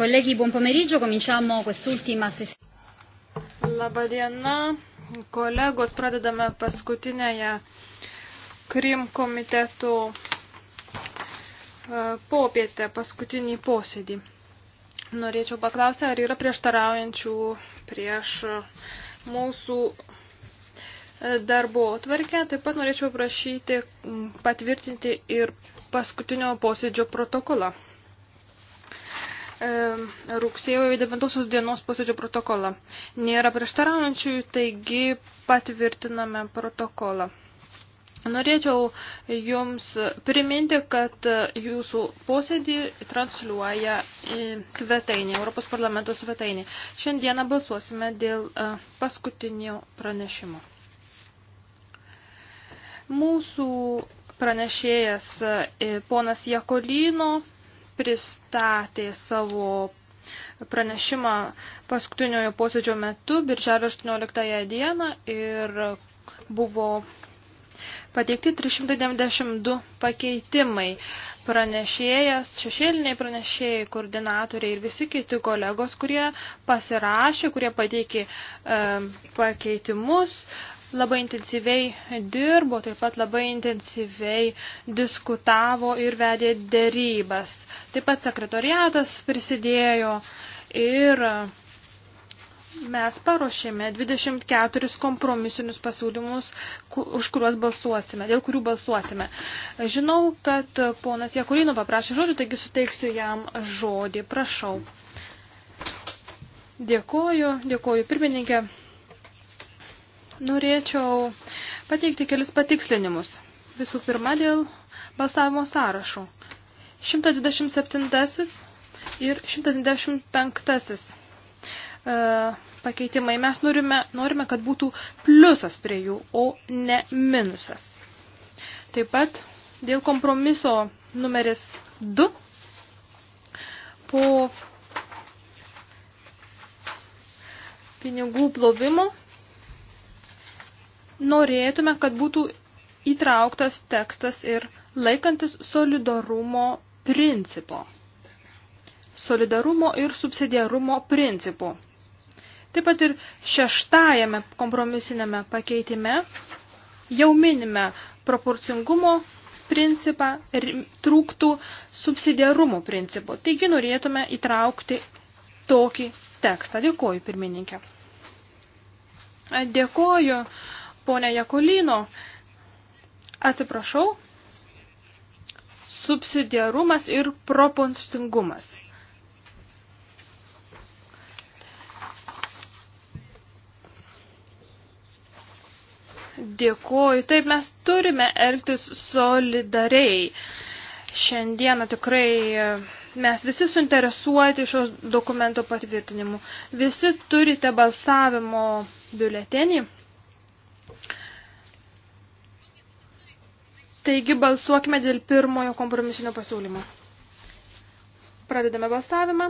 Colleghi, buon pomeriggio. Cominciamo quest'ultima sessione. Labadiena, kolegos, pradedame paskutinėje Krim komiteto e, popietę, paskutinį posėdį. Norėčiau paklausti, ar yra prieštaraujančių prieš mūsų e, darbo atvarkę. Taip pat norėčiau prašyti patvirtinti ir paskutinio posėdžio protokolą. E, rugsėjo 9 dienos posėdžio protokolą. Nėra prieštaraujančių, taigi patvirtiname protokolą. Norėčiau Jums priminti, kad Jūsų posėdį transliuoja svetainė, Europos parlamento svetainė. Šiandieną balsuosime dėl e, paskutinio pranešimo. Mūsų pranešėjas e, ponas Jakolino pristatė savo pranešimą paskutiniojo posėdžio metu, birželio 18 dieną, ir buvo pateikti 392 pakeitimai. Pranešėjas, šešėliniai pranešėjai, koordinatoriai ir visi kiti kolegos, kurie pasirašė, kurie pateikė e, pakeitimus, labai intensyviai dirbo, taip pat labai intensyviai diskutavo ir vedė dėrybas. Taip pat sekretoriatas prisidėjo ir mes paruošėme 24 kompromisinius pasiūlymus, už kuriuos balsuosime, dėl kurių balsuosime. Žinau, kad ponas Jekulino paprašė žodžių, taigi suteiksiu jam žodį. Prašau. Dėkoju, dėkoju pirmininkė norėčiau pateikti kelis patikslinimus. Visų pirma, dėl balsavimo sąrašų. 127 ir 125 e, pakeitimai. Mes norime, norime, kad būtų pliusas prie jų, o ne minusas. Taip pat dėl kompromiso numeris 2 po pinigų plovimo norėtume, kad būtų įtrauktas tekstas ir laikantis solidarumo principo. Solidarumo ir subsidiarumo principų. Taip pat ir šeštajame kompromisinėme pakeitime jau minime proporcingumo principą ir trūktų subsidiarumo principo. Taigi norėtume įtraukti tokį tekstą. Dėkoju, pirmininkė. Dėkoju ponė Jakolino. Atsiprašau, subsidiarumas ir proporcingumas. Dėkuoju. Taip mes turime elgtis solidariai. Šiandieną tikrai e, mes visi suinteresuoti šios dokumento patvirtinimu. Visi turite balsavimo biuletenį. Taigi balsuokime dėl pirmojo kompromisinio pasiūlymo. Pradedame balsavimą.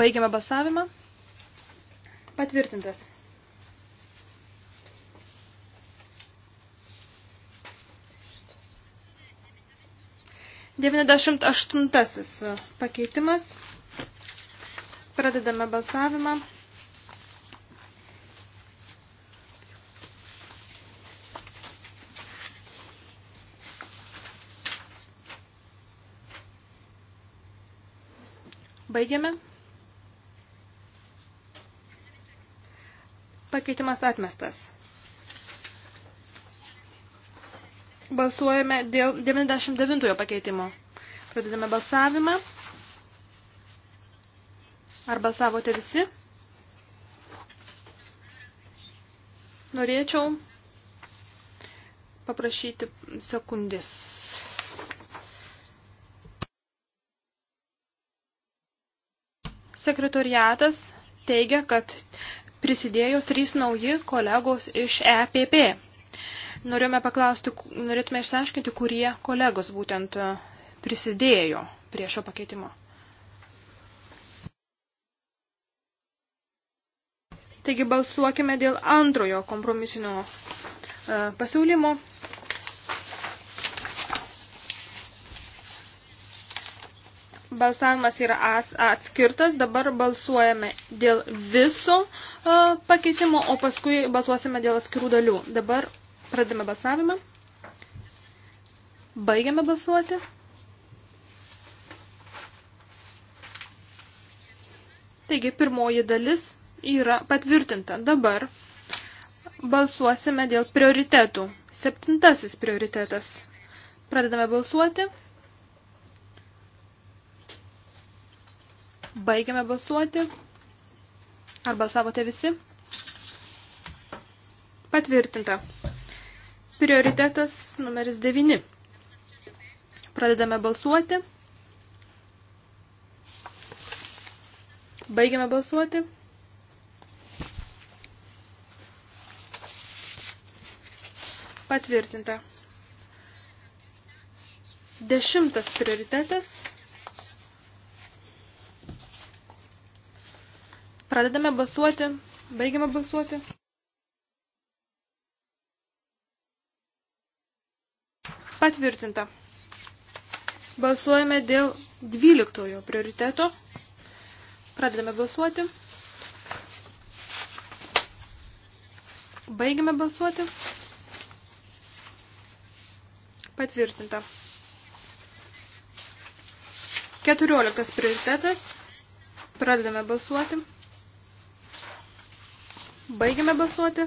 Baigiame balsavimą. Patvirtintas. Devyniasdešimt aštuntasis pakeitimas. Pradedame balsavimą. Baigiame. Pakeitimas atmestas. Balsuojame dėl 99 pakeitimo. Pradedame balsavimą. Ar balsavote visi? Norėčiau paprašyti sekundės. Sekretoriatas teigia, kad prisidėjo trys nauji kolegos iš EPP. Norėjome paklausti, norėtume išsiaiškinti, kurie kolegos būtent e, prisidėjo prie šio pakeitimo. Taigi balsuokime dėl antrojo kompromisinio e, pasiūlymo balsavimas yra atskirtas, dabar balsuojame dėl viso e, pakeitimo, o paskui balsuosime dėl atskirų dalių. Dabar pradėme balsavimą, baigiame balsuoti. Taigi, pirmoji dalis yra patvirtinta. Dabar balsuosime dėl prioritetų. Septintasis prioritetas. Pradedame balsuoti. Pradedame balsuoti. Baigiame balsuoti. Ar balsavote visi? Patvirtinta. Prioritetas numeris 9. Pradedame balsuoti. Baigiame balsuoti. Patvirtinta. Dešimtas prioritetas Pradedame balsuoti. Baigiame balsuoti. Patvirtinta. Balsuojame dėl 12 prioriteto. Pradedame balsuoti. Baigiame balsuoti. Patvirtinta. 14 prioritetas. Pradedame balsuoti. Baigiame balsuoti.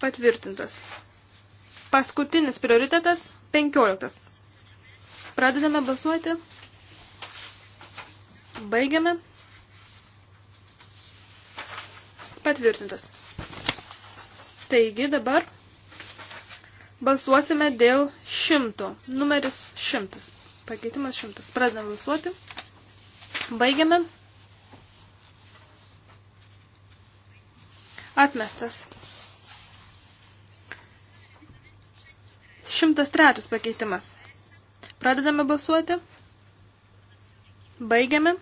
Patvirtintas. Paskutinis prioritetas 15. Pradedame balsuoti. Baigiame. Patvirtintas. Taigi dabar balsuosime dėl šimto. Numeris šimtas. Pakeitimas šimtas. Pradedame balsuoti. Baigiame. Atmestas. 103 pakeitimas. Pradedame balsuoti. Baigiame.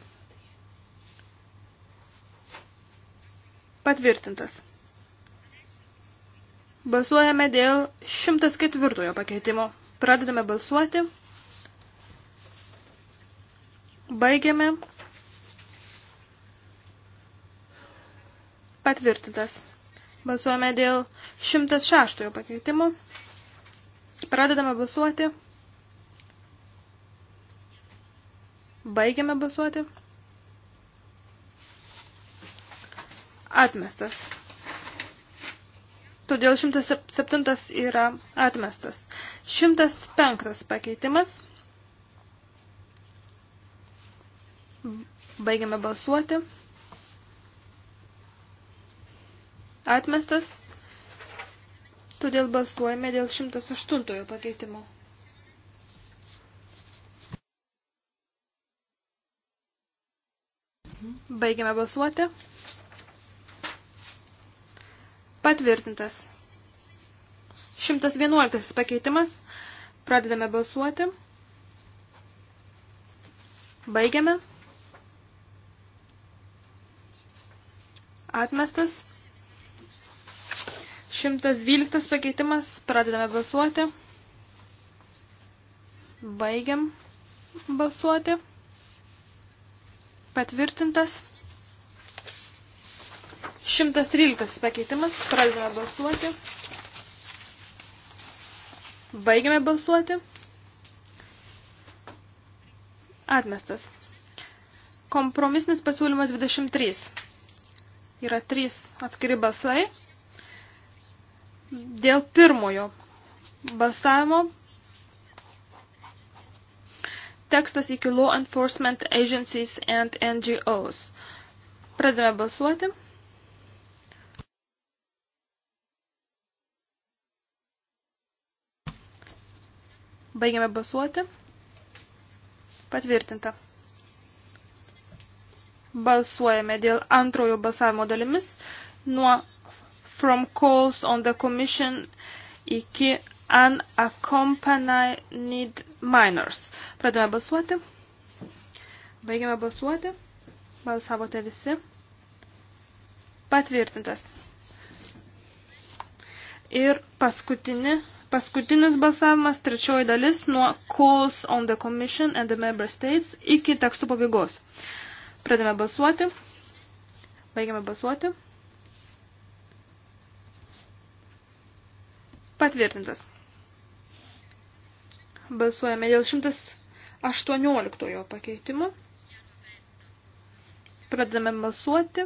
Patvirtintas. Balsuojame dėl 104 pakeitimo. Pradedame balsuoti. Baigiame. patvirtintas. Balsuojame dėl 106 pakeitimo. Pradedame balsuoti. Baigiame balsuoti. Atmestas. Todėl 107 yra atmestas. 105 pakeitimas. Baigiame balsuoti. atmestas, todėl balsuojame dėl 108 pakeitimo. Baigiame balsuoti. Patvirtintas. 111 pakeitimas. Pradedame balsuoti. Baigiame. Atmestas. 112 pakeitimas, pradedame balsuoti. Baigiam balsuoti. Patvirtintas. 113 pakeitimas, pradedame balsuoti. Baigiame balsuoti. Atmestas. Kompromisnis pasiūlymas 23. Yra 3 atskiri balsai. Dėl pirmojo balsavimo tekstas iki Law Enforcement Agencies and NGOs. Pradame balsuoti. Baigiame balsuoti. Patvirtinta. Balsuojame dėl antrojo balsavimo dalimis nuo from calls on the Commission iki unaccompanied minors. Pradėjome balsuoti. Baigiame balsuoti. Balsavote visi. Patvirtintas. Ir paskutini, paskutinis balsavimas, trečioji dalis, nuo calls on the Commission and the Member States iki tekstų pabaigos. Pradėjome balsuoti. Baigiame balsuoti. Patvirtintas. Balsuojame dėl 118 pakeitimo. Pradedame balsuoti.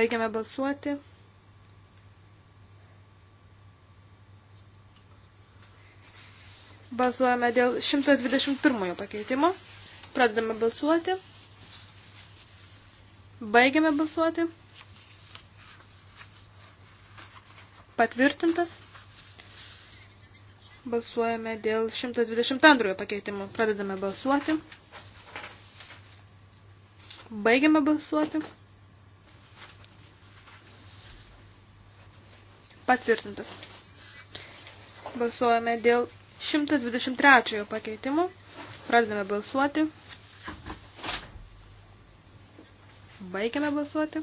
Baigiame balsuoti. Balsuojame dėl 121 pakeitimo. Pradedame balsuoti. Baigiame balsuoti. Patvirtintas. Balsuojame dėl 122 pakeitimo. Pradedame balsuoti. Baigiame balsuoti. Patvirtintas. Balsuojame dėl 123 pakeitimo. Pradedame balsuoti. Baigiame balsuoti.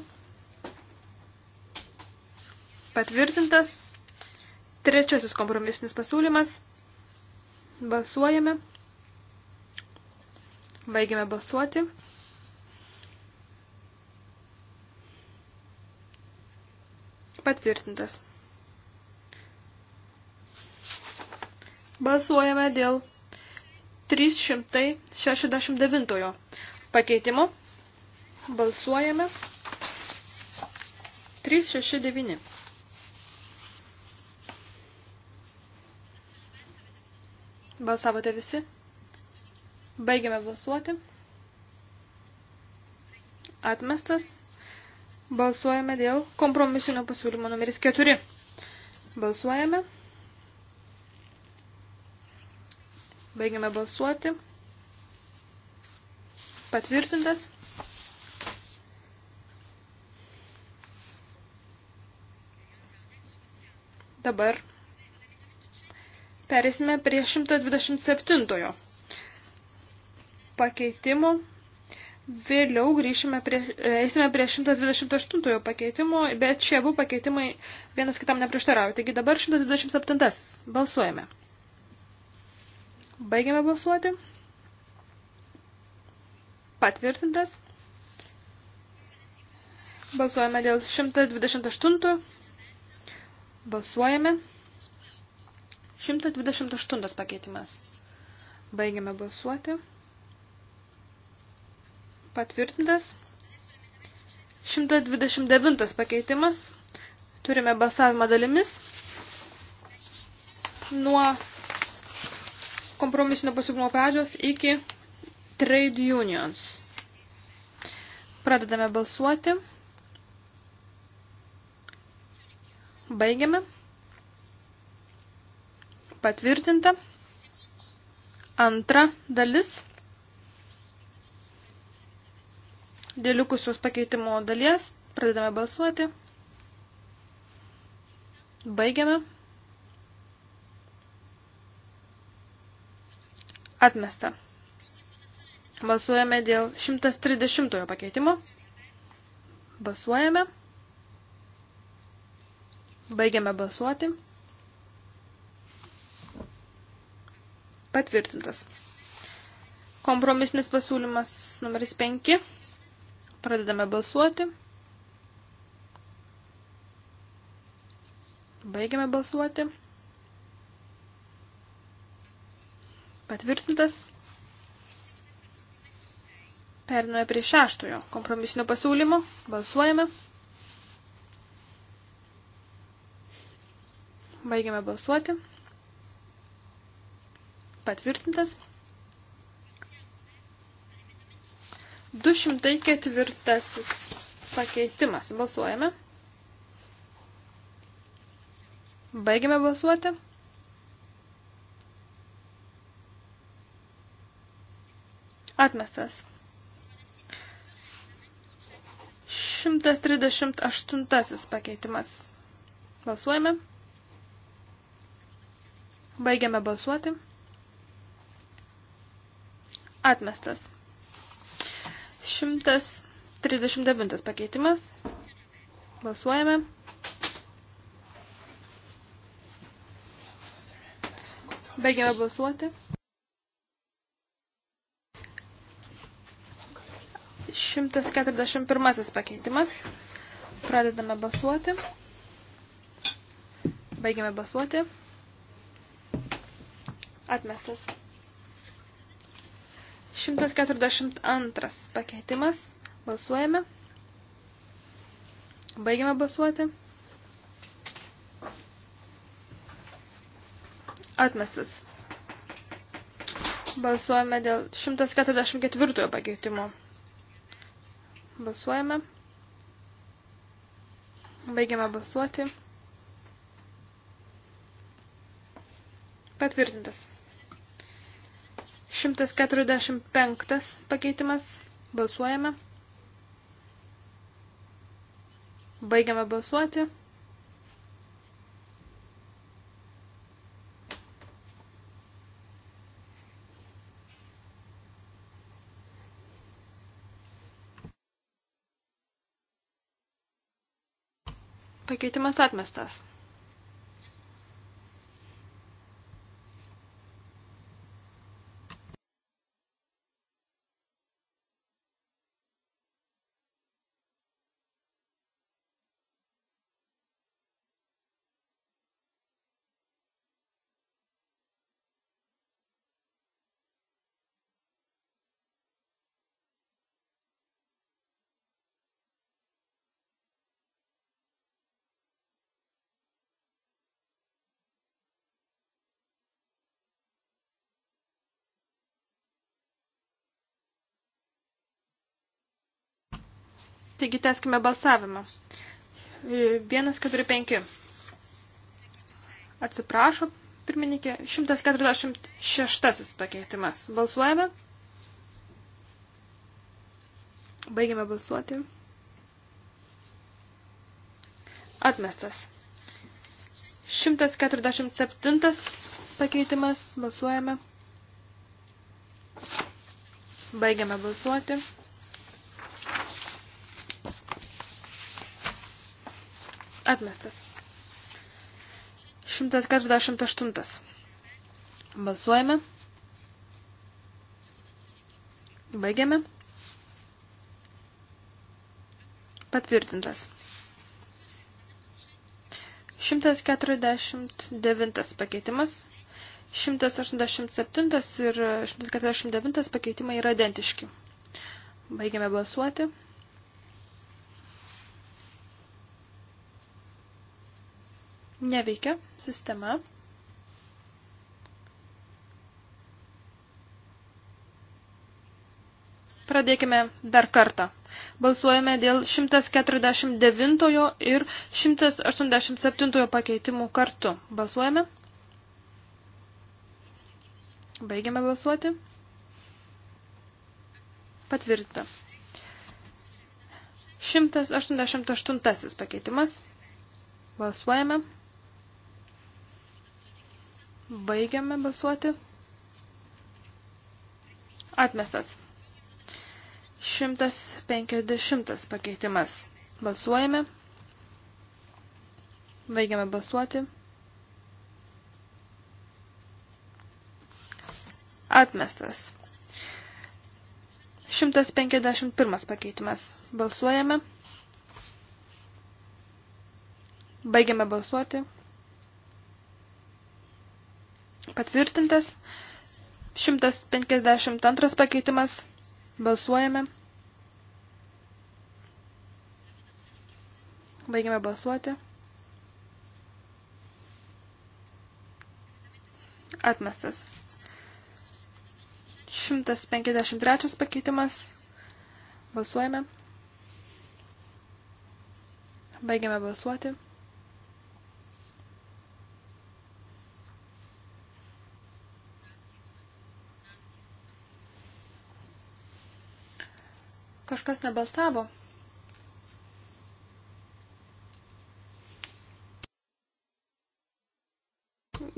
Patvirtintas trečiasis kompromisinis pasiūlymas. Balsuojame. Baigiame balsuoti. Patvirtintas. Balsuojame dėl 369 pakeitimo. Balsuojame. 369. Balsavote visi? Baigiame balsuoti. Atmestas. Balsuojame dėl kompromisinio pasiūlymo numeris 4. Balsuojame. Baigiame balsuoti. Patvirtintas. Dabar perėsime prie 127 pakeitimų. Vėliau grįšime prie, eisime prie 128 pakeitimo, bet šie abu pakeitimai vienas kitam neprieštarauja. Taigi dabar 127. Balsuojame. Baigiame balsuoti. Patvirtintas. Balsuojame dėl 128 Balsuojame. 128 pakeitimas. Baigiame balsuoti. Patvirtintas. 129 pakeitimas. Turime balsavimą dalimis. Nuo kompromisinio pasiūlymo pradžios iki trade unions. Pradedame balsuoti. Baigiame. Patvirtinta. Antra dalis. Dėl likusios pakeitimo dalies pradedame balsuoti. Baigiame. Atmesta. Balsuojame dėl 130 pakeitimo. Balsuojame. Baigiame balsuoti. Patvirtintas. Kompromisinis pasiūlymas numeris 5. Pradedame balsuoti. Baigiame balsuoti. Patvirtintas. Perinoja prie šeštojo kompromisinio pasiūlymo. Balsuojame. Balsuojame. Baigiame balsuoti. Patvirtintas. 204 pakeitimas. Balsuojame. Baigiame balsuoti. Atmestas. 138 pakeitimas. Balsuojame. Baigiame balsuoti. Atmestas. 139 pakeitimas. Balsuojame. Baigiame balsuoti. 141 pakeitimas. Pradedame balsuoti. Baigiame balsuoti. Atmestas. 142 pakeitimas. Balsuojame. Baigiame balsuoti. Atmestas. Balsuojame dėl 144 pakeitimo. Balsuojame. Baigiame balsuoti. Patvirtintas. 145 pakeitimas. Balsuojame. Baigiame balsuoti. Pakeitimas atmestas. Taigi teskime balsavimą. 145. E, Atsiprašo, pirmininkė. 146 pakeitimas. Balsuojame. Baigiame balsuoti. Atmestas. 147 pakeitimas. Balsuojame. Baigiame balsuoti. Atmestas. 148. Balsuojame. Baigiame. Patvirtintas. 149 pakeitimas. 187 ir 149 pakeitimai yra identiški. Baigiame balsuoti. Neveikia sistema. Pradėkime dar kartą. Balsuojame dėl 149 ir 187 pakeitimų kartu. Balsuojame. Baigiame balsuoti. Patvirtinta. 188 pakeitimas. Balsuojame. Baigiame balsuoti. Atmestas. 150 pakeitimas. Balsuojame. Baigiame balsuoti. Atmestas. 151 pakeitimas. Balsuojame. Baigiame balsuoti. Patvirtintas. 152 pakeitimas. Balsuojame. Baigiame balsuoti. Atmestas. 153 pakeitimas. Balsuojame. Baigiame balsuoti. kažkas nebalsavo?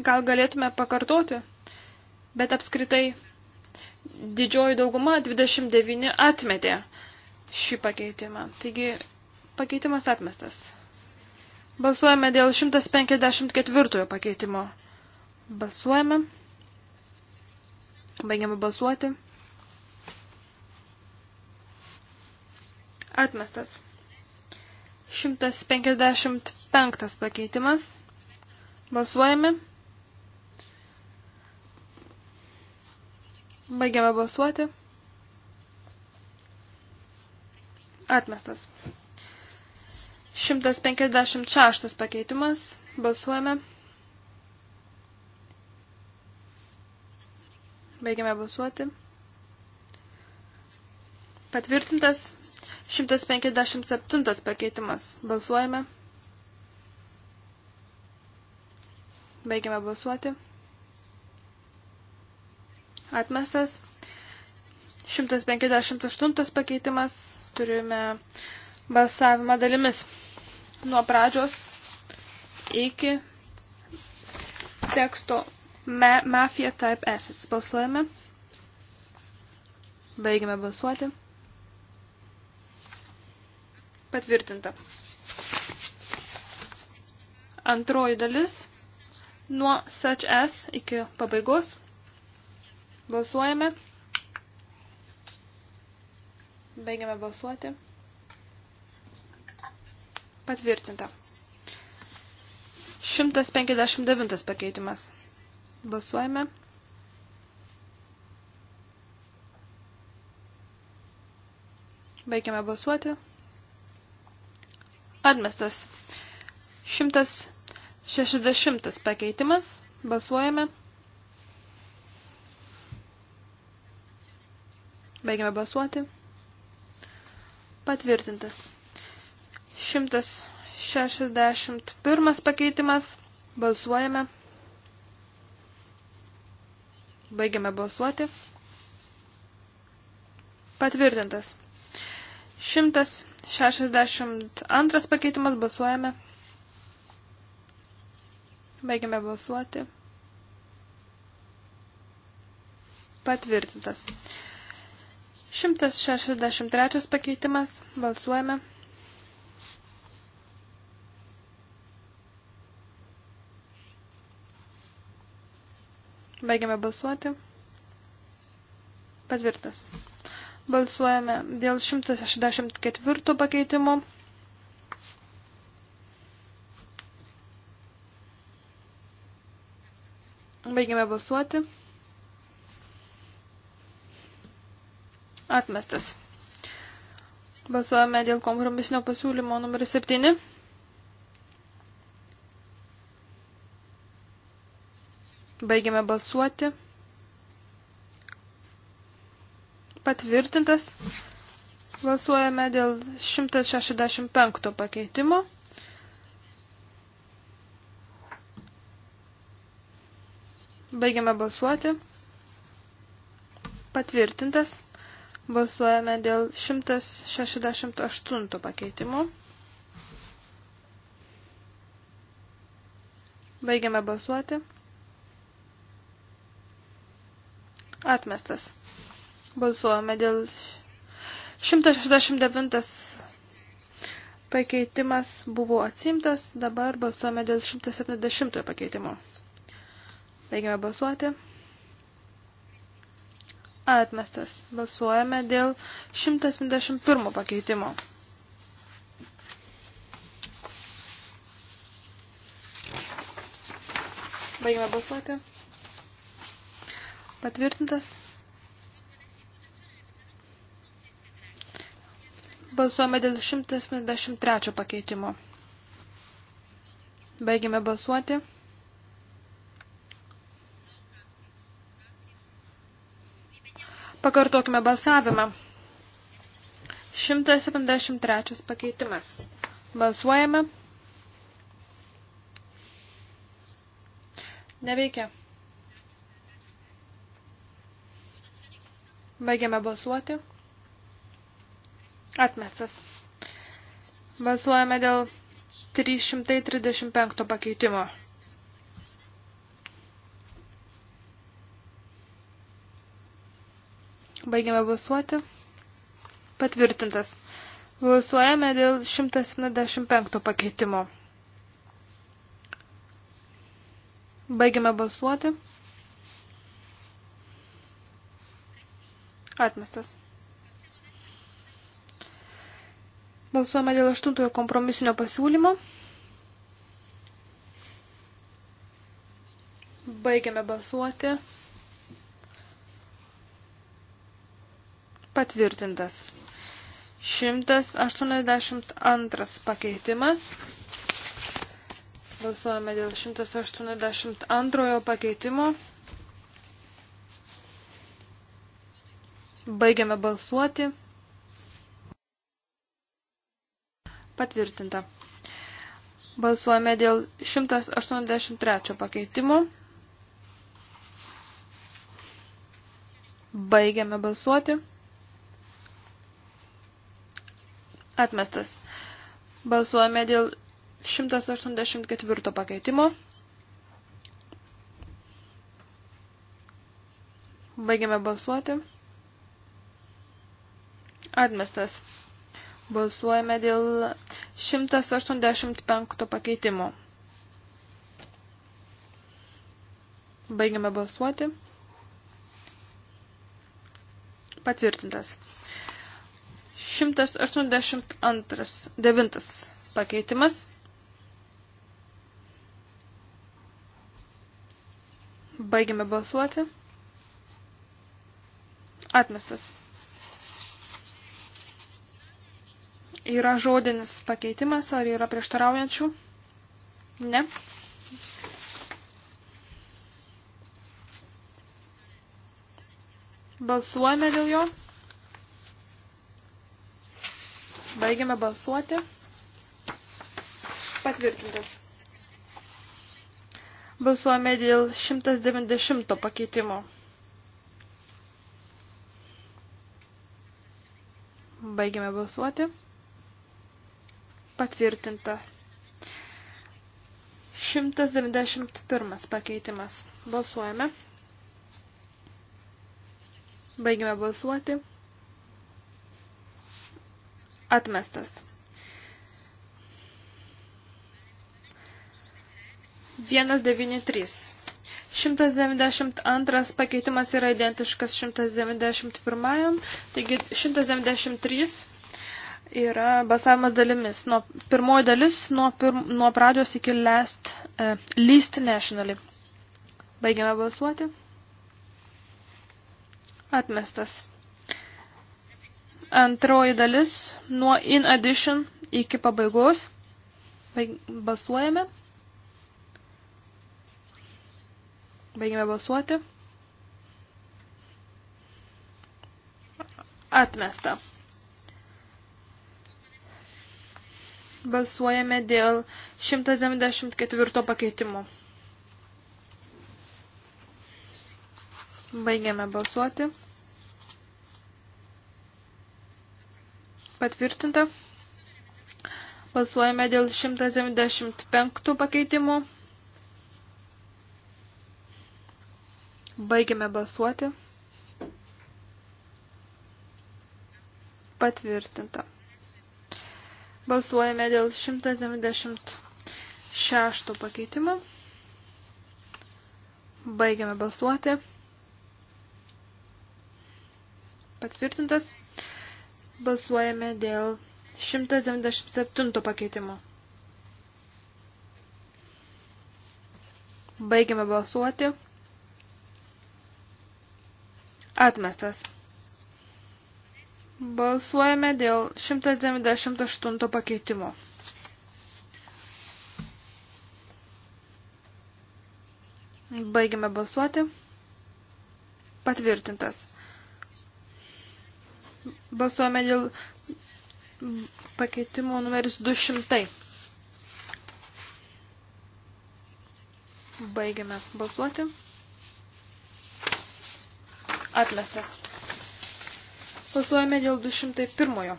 Gal galėtume pakartoti, bet apskritai didžioji dauguma 29 atmetė šį pakeitimą. Taigi pakeitimas atmestas. Balsuojame dėl 154 pakeitimo. Balsuojame. Baigiame balsuoti. Atmestas. 155 pakeitimas. Balsuojame. Baigiame balsuoti. Atmestas. 156 pakeitimas. Balsuojame. Baigiame balsuoti. Patvirtintas 157 pakeitimas. Balsuojame. Baigiame balsuoti. Atmestas. 158 pakeitimas. Turime balsavimą dalimis. Nuo pradžios iki teksto Mafia Type Assets. Balsuojame. Baigiame balsuoti. Patvirtinta. Antroji dalis nuo such as iki pabaigos. Balsuojame. Baigiame balsuoti. Patvirtinta. 159 pakeitimas. Balsuojame. Baigiame balsuoti. Atmestas. 160 pakeitimas. Balsuojame. Baigiame balsuoti. Patvirtintas. 161 pakeitimas. Balsuojame. Baigiame balsuoti. Patvirtintas. 100. 62 pakeitimas balsuojame. Baigiame balsuoti. Patvirtintas. 163 pakeitimas. Balsuojame. Baigiame balsuoti. Patvirtas. Balsuojame dėl 164 pakeitimo. Baigime balsuoti. Atmestas. Balsuojame dėl kompromisinio pasiūlymo numeris 7. Baigime balsuoti. patvirtintas. Balsuojame dėl 165 pakeitimo. Baigiame balsuoti. Patvirtintas. Balsuojame dėl 168 pakeitimo. Baigiame balsuoti. Atmestas. Balsuojame dėl 169 pakeitimas buvo atsimtas, dabar balsuojame dėl 170 pakeitimo. Baigiame balsuoti. Atmestas. Balsuojame dėl 171 pakeitimo. Baigime balsuoti. Patvirtintas. Balsuojame dėl 173 pakeitimo. Baigiame balsuoti. Pakartokime balsavimą. 173 pakeitimas. Balsuojame. Neveikia. Baigiame balsuoti. Atmestas. Balsuojame dėl 335 pakeitimo. Baigiame balsuoti. Patvirtintas. Balsuojame dėl 175 pakeitimo. Baigiame balsuoti. Atmestas. Balsuojame dėl aštuntojo kompromisinio pasiūlymo. Baigiame balsuoti. Patvirtintas. 182 pakeitimas. Balsuojame dėl 182 pakeitimo. Baigiame balsuoti. Patvirtinta. Balsuojame dėl 183 pakeitimo. Baigiame balsuoti. Atmestas. Balsuojame dėl 184 pakeitimo. Baigiame balsuoti. Atmestas. Balsuojame dėl 185 pakeitimo. Baigiame balsuoti. Patvirtintas. 182. Devintas pakeitimas. Baigiame balsuoti. Atmestas. Yra žodinis pakeitimas, ar yra prieštaraujančių? Ne. Balsuojame dėl jo. Baigiame balsuoti. Patvirtintas. Balsuojame dėl 190 pakeitimo. Baigiame balsuoti. Patvirtinta. 191 pakeitimas. Balsuojame. Baigime balsuoti. Atmestas. Vienas devyni trys. 192 pakeitimas yra identiškas 191, taigi 193 yra balsavimas dalimis. Nuo pirmoji dalis nuo, pirm, nuo pradžios iki last, uh, least nationally. Baigiame balsuoti. Atmestas. Antroji dalis nuo in addition iki pabaigos. Baig, balsuojame. Baigiame balsuoti. Atmesta. Balsuojame dėl 194 pakeitimo. Baigiame balsuoti. Patvirtinta. Balsuojame dėl 195 pakeitimų. Baigiame balsuoti. Patvirtinta. Balsuojame dėl 196 pakeitimo. Baigiame balsuoti. Patvirtintas. Balsuojame dėl 197 pakeitimo. Baigiame balsuoti. Atmestas. Balsuojame dėl 198 pakeitimo. Baigiame balsuoti. Patvirtintas. Balsuojame dėl pakeitimo numeris 200. Baigiame balsuoti. Atmestas. Balsuojame dėl 201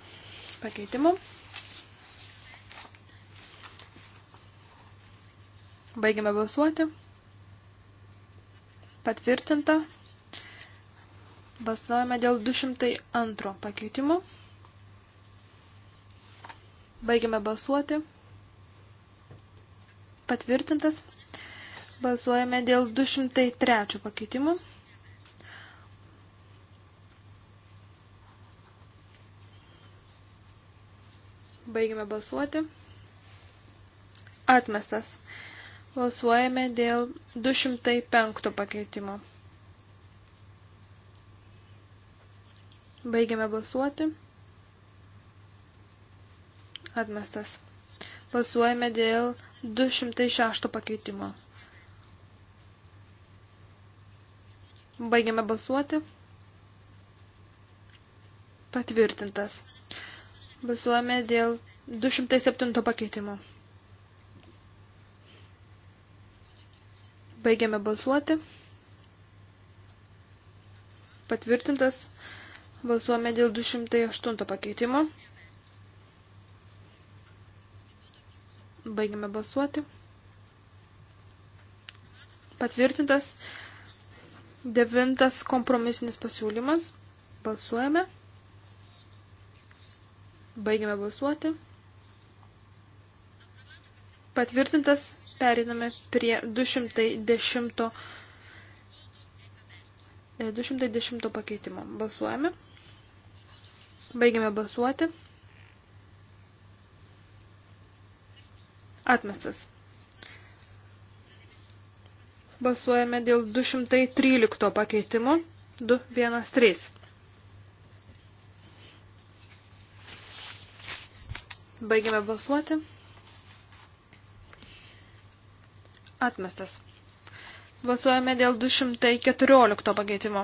pakeitimo. Baigiame balsuoti. Patvirtinta. Balsuojame dėl 202 pakeitimo. Baigiame balsuoti. Patvirtintas. Balsuojame dėl 203 pakeitimo. Baigiame balsuoti. Atmestas. Balsuojame dėl 205 pakeitimo. Baigiame balsuoti. Atmestas. Balsuojame dėl 206 pakeitimo. Baigiame balsuoti. Patvirtintas. Balsuojame dėl 207 pakeitimo. Baigiame balsuoti. Patvirtintas. Balsuojame dėl 208 pakeitimo. Baigiame balsuoti. Patvirtintas. Devintas kompromisinis pasiūlymas. Balsuojame. Baigiame balsuoti. Patvirtintas, periname prie 210, 210 e, pakeitimo. Balsuojame. Baigiame balsuoti. Atmestas. Balsuojame dėl 213 pakeitimo. 213. Baigiame balsuoti. Atmestas. Balsuojame dėl 214 pakeitimo.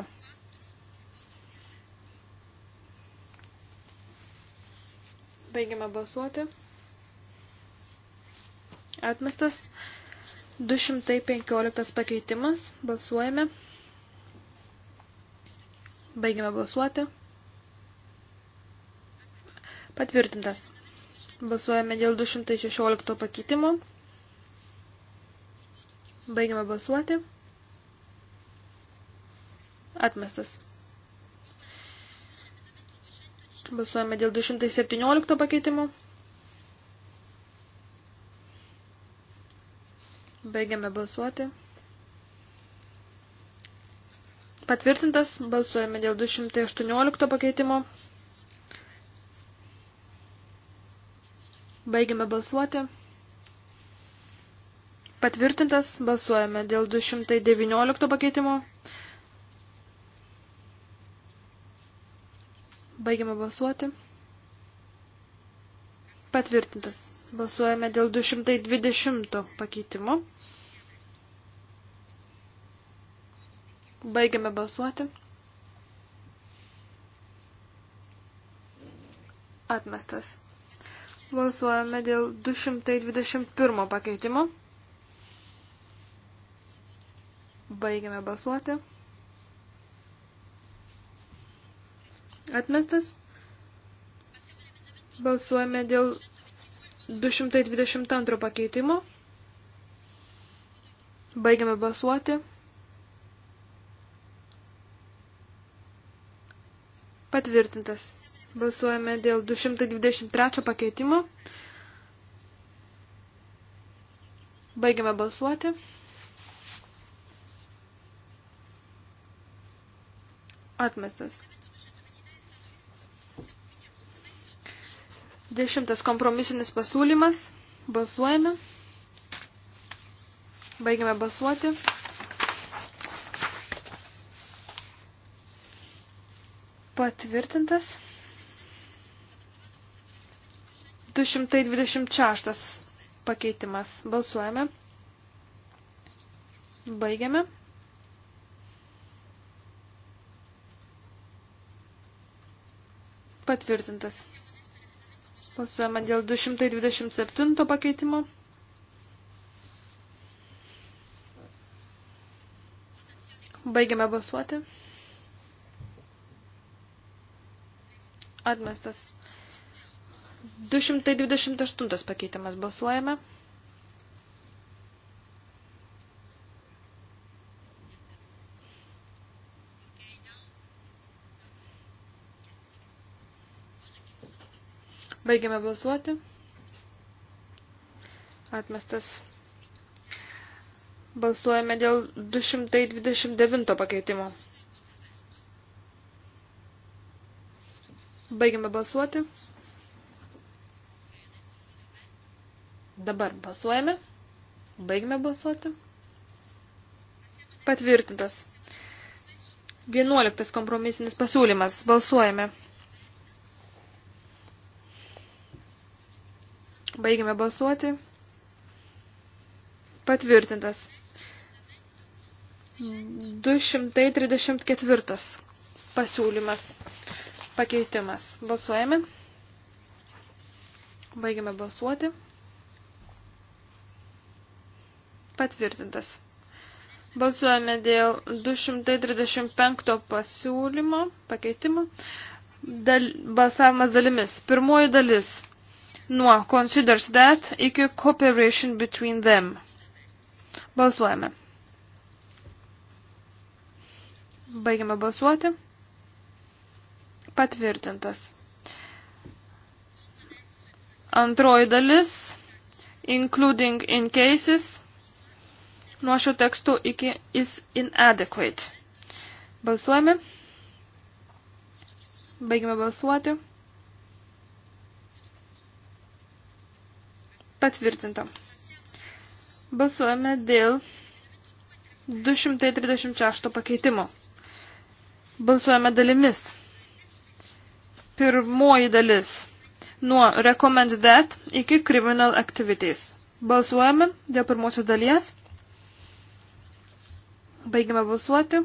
Baigiame balsuoti. Atmestas. 215 pakeitimas. Balsuojame. Baigiame balsuoti. Patvirtintas. Balsuojame dėl 216 pakeitimo. Baigiame balsuoti. Atmestas. Balsuojame dėl 217 pakeitimo. Baigiame balsuoti. Patvirtintas. Balsuojame dėl 218 pakeitimo. Baigiame balsuoti. Patvirtintas, balsuojame dėl 219 pakeitimo. Baigiame balsuoti. Patvirtintas. Balsuojame dėl 220 pakeitimo. Baigiame balsuoti. Atmestas. Balsuojame dėl 221 pakeitimo. Baigiame balsuoti. Atmestas. Balsuojame dėl 222 pakeitimo. Baigiame balsuoti. Patvirtintas. Balsuojame dėl 223 pakeitimo. Baigiame balsuoti. Atmestas. Dešimtas kompromisinis pasiūlymas. Balsuojame. Baigiame balsuoti. Patvirtintas. 226 pakeitimas. Balsuojame. Baigiame. Patvirtintas. Balsuojama dėl 227 pakeitimo. Baigiame balsuoti. Atmestas. 228 pakeitimas balsuojame. Baigiame balsuoti. Atmestas. Balsuojame dėl 229 pakeitimo. Baigiame balsuoti. Dabar balsuojame. Baigime balsuoti. Patvirtintas. 11 kompromisinis pasiūlymas. Balsuojame. Baigime balsuoti. Patvirtintas. 234 pasiūlymas. Pakeitimas. Balsuojame. Baigime balsuoti. Patvirtintas. Balsuojame dėl 235 pasiūlymo, pakeitimo. Dal, balsavimas dalimis. Pirmoji dalis nuo considers that iki cooperation between them. Balsuojame. Baigiame balsuoti. Patvirtintas. Antroji dalis including in cases nuo šio teksto iki is inadequate. Balsuojame. Baigime balsuoti. Patvirtinta. Balsuojame dėl 236 pakeitimo. Balsuojame dalimis. Pirmoji dalis. Nuo recommend that iki criminal activities. Balsuojame dėl pirmosios dalies. Baigiame balsuoti.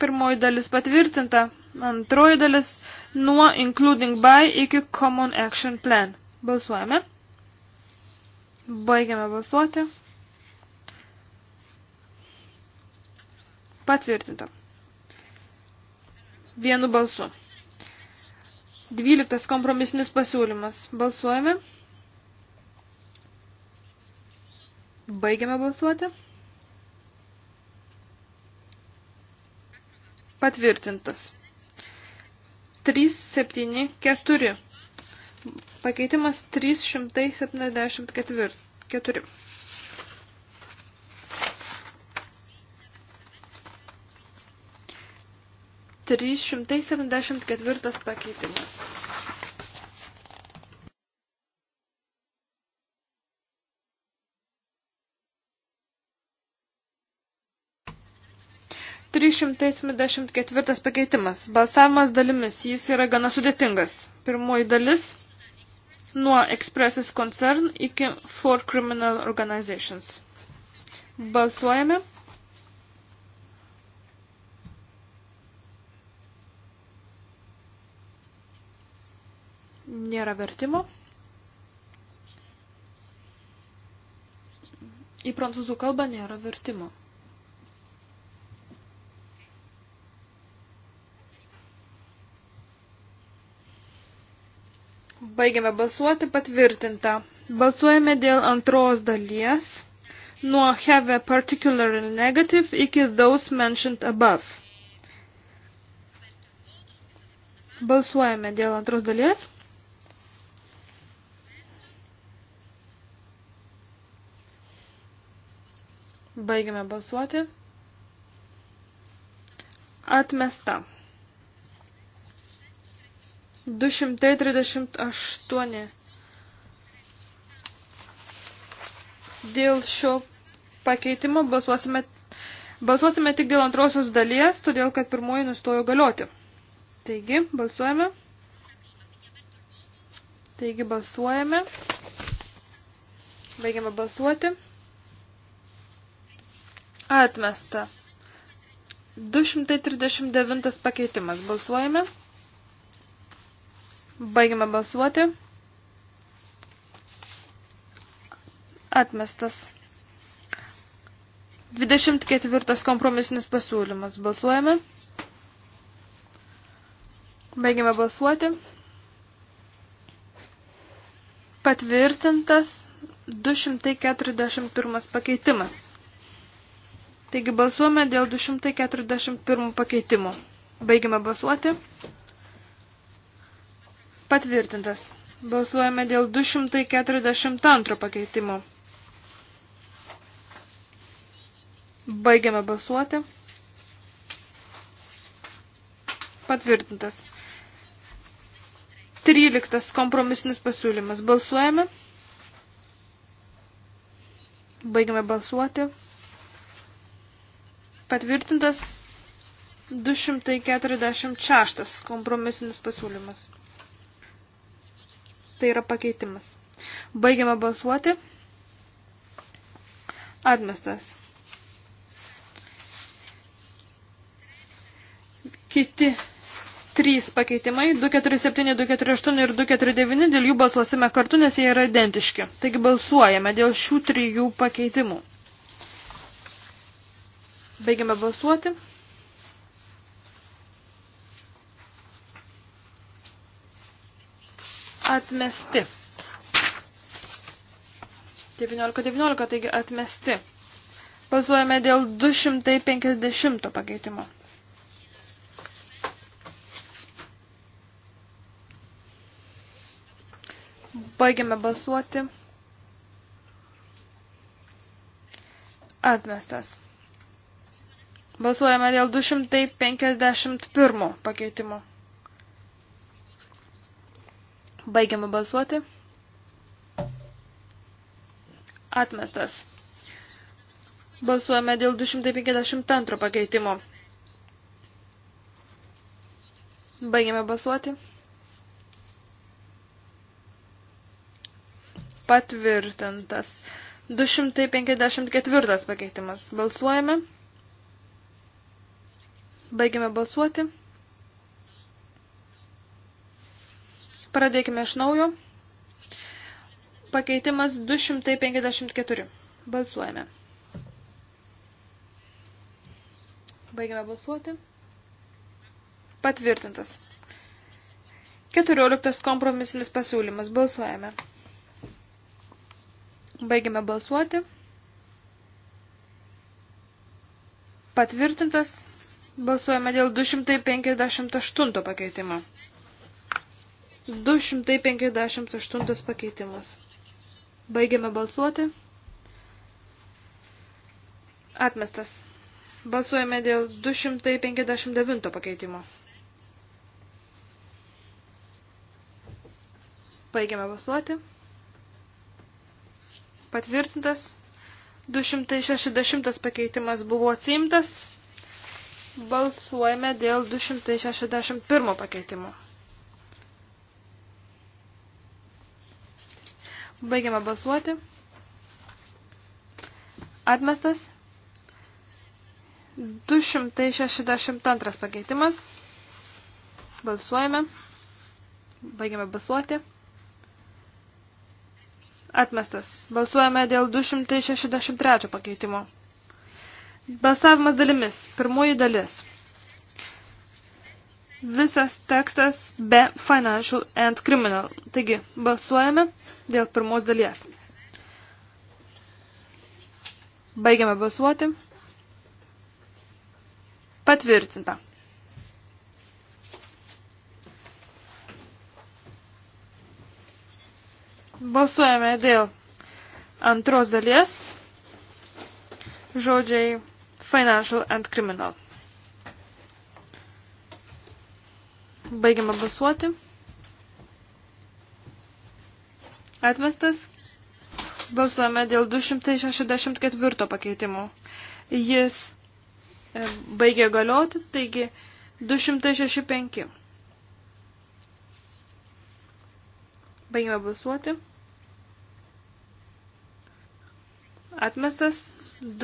Pirmoji dalis patvirtinta. Antroji dalis nuo including by iki common action plan. Balsuojame. Baigiame balsuoti. Patvirtinta. Vienu balsu. Dvyliktas kompromisinis pasiūlymas. Balsuojame. Balsuojame. Baigiame balsuoti. Patvirtintas. 374. Pakeitimas 374. 4. 374 pakeitimas. 374 pakeitimas. Balsavimas dalimis. Jis yra gana sudėtingas. Pirmoji dalis nuo Expresses Concern iki For Criminal Organizations. Balsuojame. Nėra vertimo. Į prancūzų kalbą nėra vertimo. Baigiame balsuoti patvirtinta. Balsuojame dėl antros dalies nuo have a particular negative iki those mentioned above. Balsuojame dėl antros dalies. Baigiame balsuoti. Atmesta. 238. Dėl šio pakeitimo balsuosime, balsuosime tik dėl antrosios dalies, todėl kad pirmoji nustojo galioti. Taigi, balsuojame. Taigi, balsuojame. Baigiame balsuoti. Atmesta. 239 pakeitimas. Balsuojame. Balsuojame. Baigiame balsuoti. Atmestas. 24 kompromisinis pasiūlymas. Balsuojame. Baigiame balsuoti. Patvirtintas 241 pakeitimas. Taigi balsuojame dėl 241 pakeitimo. Baigiame balsuoti. Patvirtintas. Balsuojame dėl 242 pakeitimo. Baigiame balsuoti. Patvirtintas. 13. Kompromisinis pasiūlymas. Balsuojame. Baigiame balsuoti. Patvirtintas 246 kompromisinis pasiūlymas. Tai yra pakeitimas. Baigiame balsuoti. Atmestas. Kiti trys pakeitimai 247, 248 ir 249, dėl jų balsuosime kartu, nes jie yra identiški. Taigi balsuojame dėl šių trijų pakeitimų. Baigiame balsuoti. atmesti. 19, 19, taigi atmesti. Balsuojame dėl 250 pakeitimo. Baigiame balsuoti. Atmestas. Balsuojame dėl 251 pakeitimo. Baigiame balsuoti. Atmestas. Balsuojame dėl 252 pakeitimo. Baigiame balsuoti. Patvirtintas. 254 pakeitimas. Balsuojame. Baigiame balsuoti. Pradėkime iš naujo. Pakeitimas 254. Balsuojame. Baigime balsuoti. Patvirtintas. 14 kompromisinis pasiūlymas. Balsuojame. Baigime balsuoti. Patvirtintas. Balsuojame dėl 258 pakeitimo. 258 pakeitimas. Baigiame balsuoti. Atmestas. Balsuojame dėl 259 pakeitimo. Baigiame balsuoti. Patvirtintas. 260 pakeitimas buvo atsiimtas. Balsuojame dėl 261 pakeitimo. Baigiame balsuoti. Atmestas. 262 pakeitimas. Balsuojame. Baigiame balsuoti. Atmestas. Balsuojame dėl 263 pakeitimo. Balsavimas dalimis. Pirmoji dalis visas tekstas be financial and criminal. Taigi, balsuojame dėl pirmos dalies. Baigiame balsuoti. Patvirtinta. Balsuojame dėl antros dalies žodžiai financial and criminal. Baigiame balsuoti. Atmestas. Balsuojame dėl 264 pakeitimų. Jis e, baigė galioti, taigi 265. Baigime balsuoti. Atmestas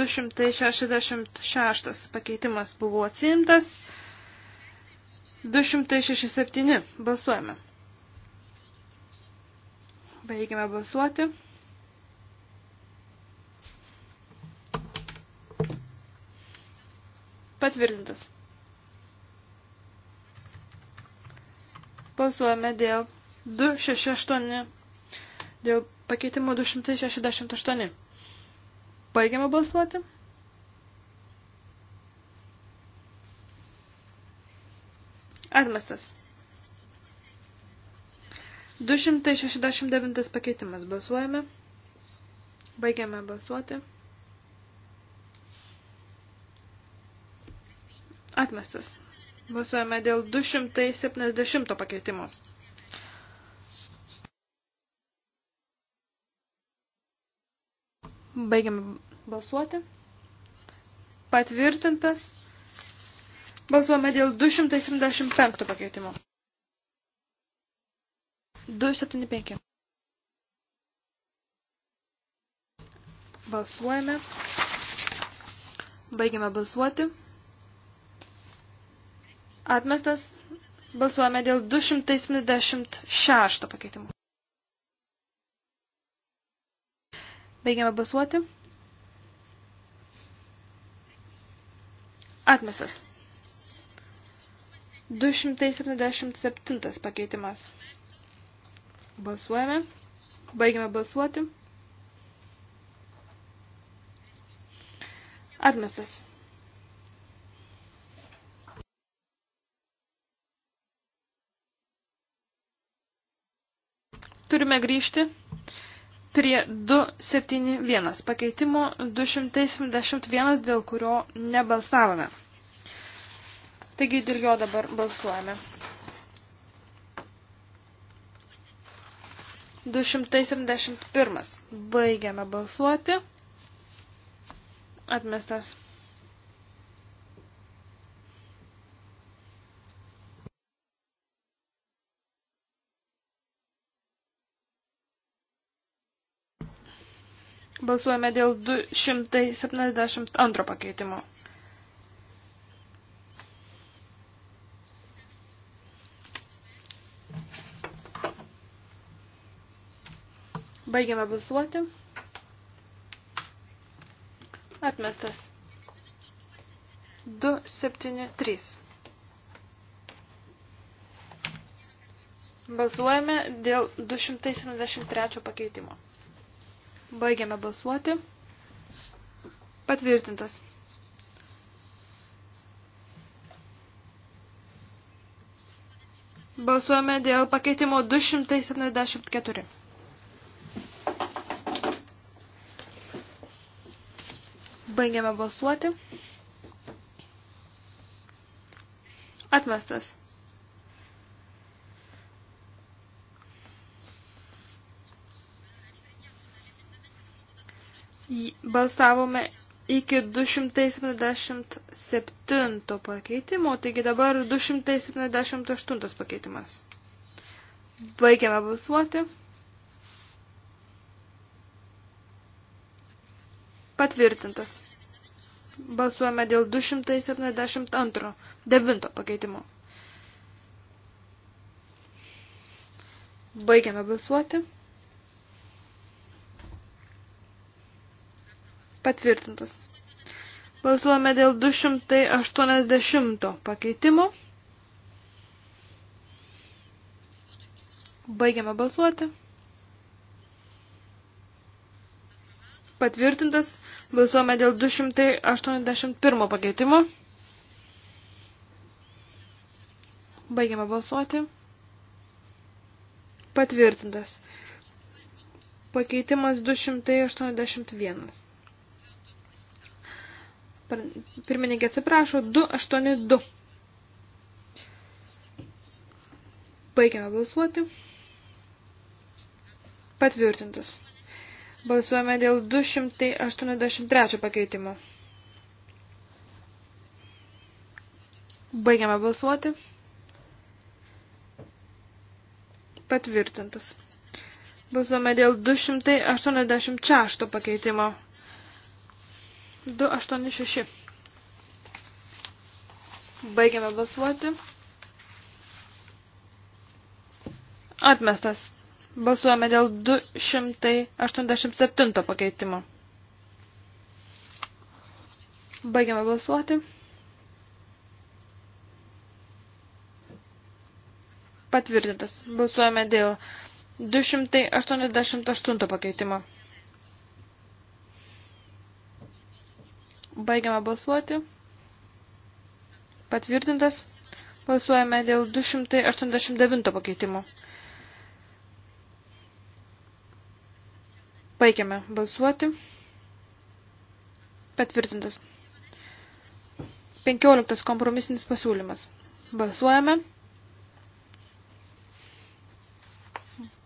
266 pakeitimas buvo atsiimtas. 267. Balsuojame. Baigime balsuoti. Patvirtintas. Balsuojame dėl 268. Dėl pakeitimo 268. Baigiame balsuoti. Atmestas. 269 pakeitimas. Balsuojame. Baigiame balsuoti. Atmestas. Balsuojame dėl 270 pakeitimo. Baigiame balsuoti. Patvirtintas Balsuojame dėl 275 pakeitimo. 275. Balsuojame. Baigiame balsuoti. Atmestas. Balsuojame dėl 276 pakeitimų. Baigiame balsuoti. Atmestas. 277 pakeitimas. Balsuojame. Baigiame balsuoti. Atmestas. Turime grįžti prie 271 pakeitimo 271, dėl kurio nebalsavome. Taigi dėl jo dabar balsuojame. 271. Baigiame balsuoti. Atmestas. Balsuojame dėl 272 pakeitimo. Baigiame balsuoti. Atmestas. 2, 7, 3. Balsuojame dėl 273 pakeitimo. Baigiame balsuoti. Patvirtintas. Balsuojame dėl pakeitimo 274. Baigiame balsuoti. Atmestas. Balsavome iki 277 pakeitimo, taigi dabar 278 pakeitimas. Baigiame balsuoti. Patvirtintas. Balsuojame dėl 272 devinto pakeitimo. Baigiame balsuoti. Patvirtintas. Balsuojame dėl 280 pakeitimo. Baigiame balsuoti. patvirtintas. Balsuojame dėl 281 pakeitimo. Baigiame balsuoti. Patvirtintas. Pakeitimas 281. Pirmininkė atsiprašo, 282. Baigiame balsuoti. Patvirtintas. Balsuojame dėl 283 pakeitimo. Baigiame balsuoti. Patvirtintas. Balsuojame dėl 286 pakeitimo. 286. Baigiame balsuoti. Atmestas. Balsuojame dėl 287 pakeitimo. Baigiame balsuoti. Patvirtintas. Balsuojame dėl 288 pakeitimo. Baigiame balsuoti. Patvirtintas. Balsuojame dėl 289 pakeitimo. Baigiame balsuoti. Patvirtintas. 15 kompromisinis pasiūlymas. Balsuojame.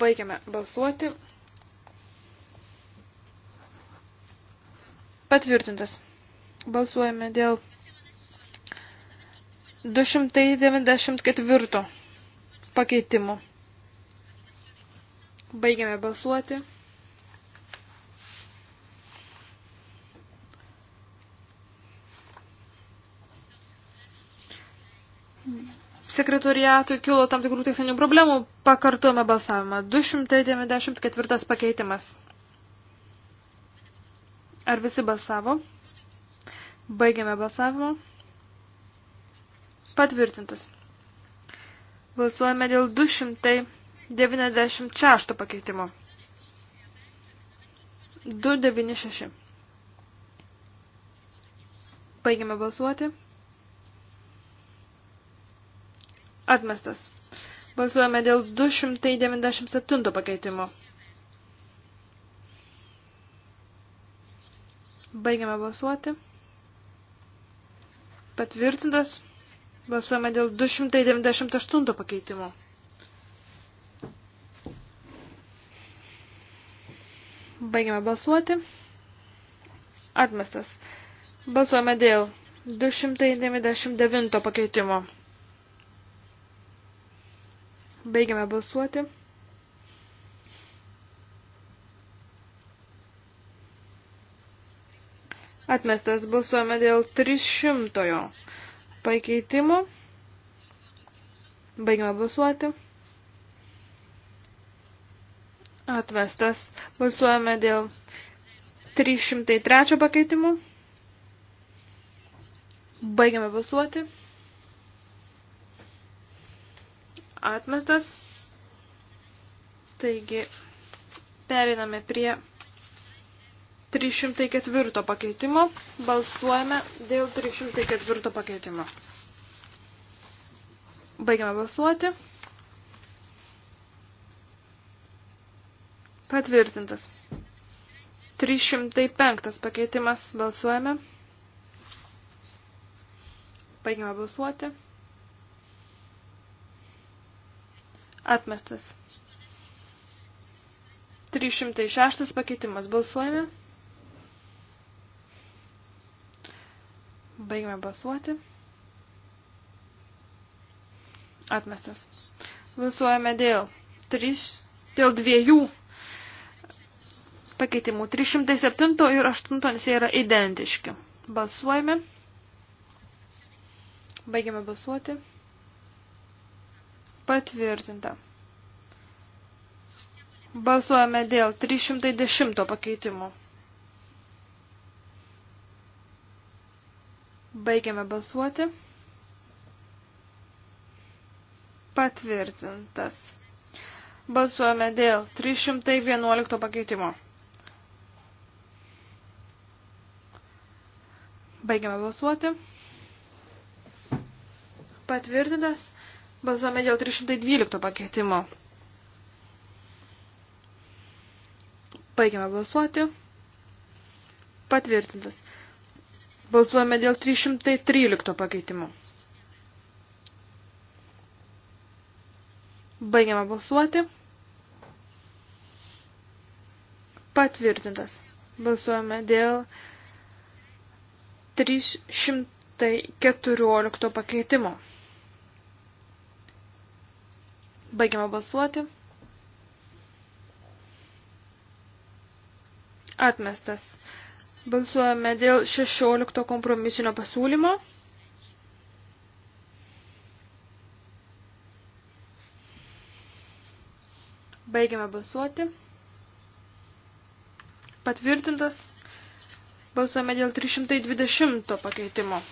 Baigiame balsuoti. Patvirtintas. Balsuojame dėl 294 pakeitimų. Baigiame balsuoti. sekretoriatui kilo tam tikrų techninių problemų, pakartuojame balsavimą. 294 pakeitimas. Ar visi balsavo? Baigiame balsavimą. Patvirtintas. Balsuojame dėl 296 pakeitimo. 296. Baigiame balsuoti. Atmestas. Balsuojame dėl 297 pakeitimo. Baigiame balsuoti. Patvirtintas. Balsuojame dėl 298 pakeitimo. Baigiame balsuoti. Atmestas. Balsuojame dėl 299 pakeitimo. Baigiame balsuoti. Atmestas balsuojame dėl 300 pakeitimų. Baigiame balsuoti. Atmestas balsuojame dėl 303 pakeitimų. Baigiame balsuoti. atmestas. Taigi, periname prie 304 pakeitimo. Balsuojame dėl 304 pakeitimo. Baigiame balsuoti. Patvirtintas. 305 pakeitimas. Balsuojame. Baigiame balsuoti. Atmestas. 306 pakeitimas. Balsuojame. Baigime balsuoti. Atmestas. Balsuojame dėl, 3, dėl dviejų pakeitimų. 307 ir 8 jie yra identiški. Balsuojame. Baigime balsuoti. Patvirtinta. Balsuojame dėl 310 pakeitimų. Baigiame balsuoti. Patvirtintas. Balsuojame dėl 311 pakeitimo. Baigiame balsuoti. Patvirtintas. Balsame dėl 312 pakeitimo. Baigiame balsuoti. Patvirtintas. Balsuojame dėl 313 pakeitimo. Baigiame balsuoti. Patvirtintas. Balsuojame dėl 314 pakeitimo. Baigiame balsuoti. Atmestas. Balsuojame dėl 16 kompromisinio pasiūlymo. Baigiame balsuoti. Patvirtintas. Balsuojame dėl 320 pakeitimo.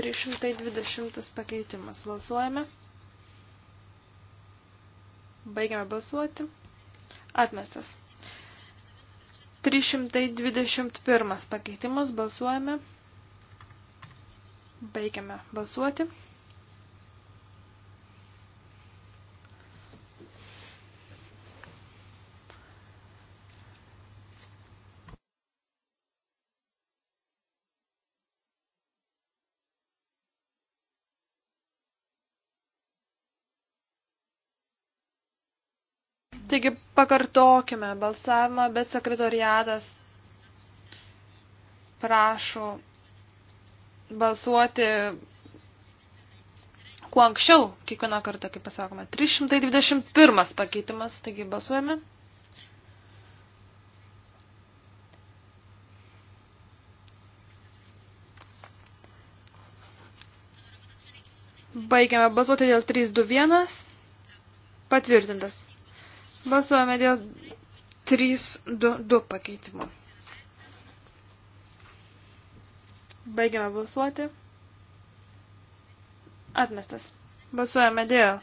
320 pakeitimas. Balsuojame. Baigiame balsuoti. Atmestas. 321 pakeitimas. Balsuojame. Baigiame balsuoti. Taigi pakartokime balsavimą, bet sekretoriadas prašo balsuoti kuo anksčiau, kiekvieną kartą, kaip pasakome, 321 pakeitimas, taigi balsuojame. Baigiame balsuoti dėl 321. Patvirtintas. Balsuojame dėl 3-2 pakeitimo. Baigiame balsuoti. Atmestas. Balsuojame dėl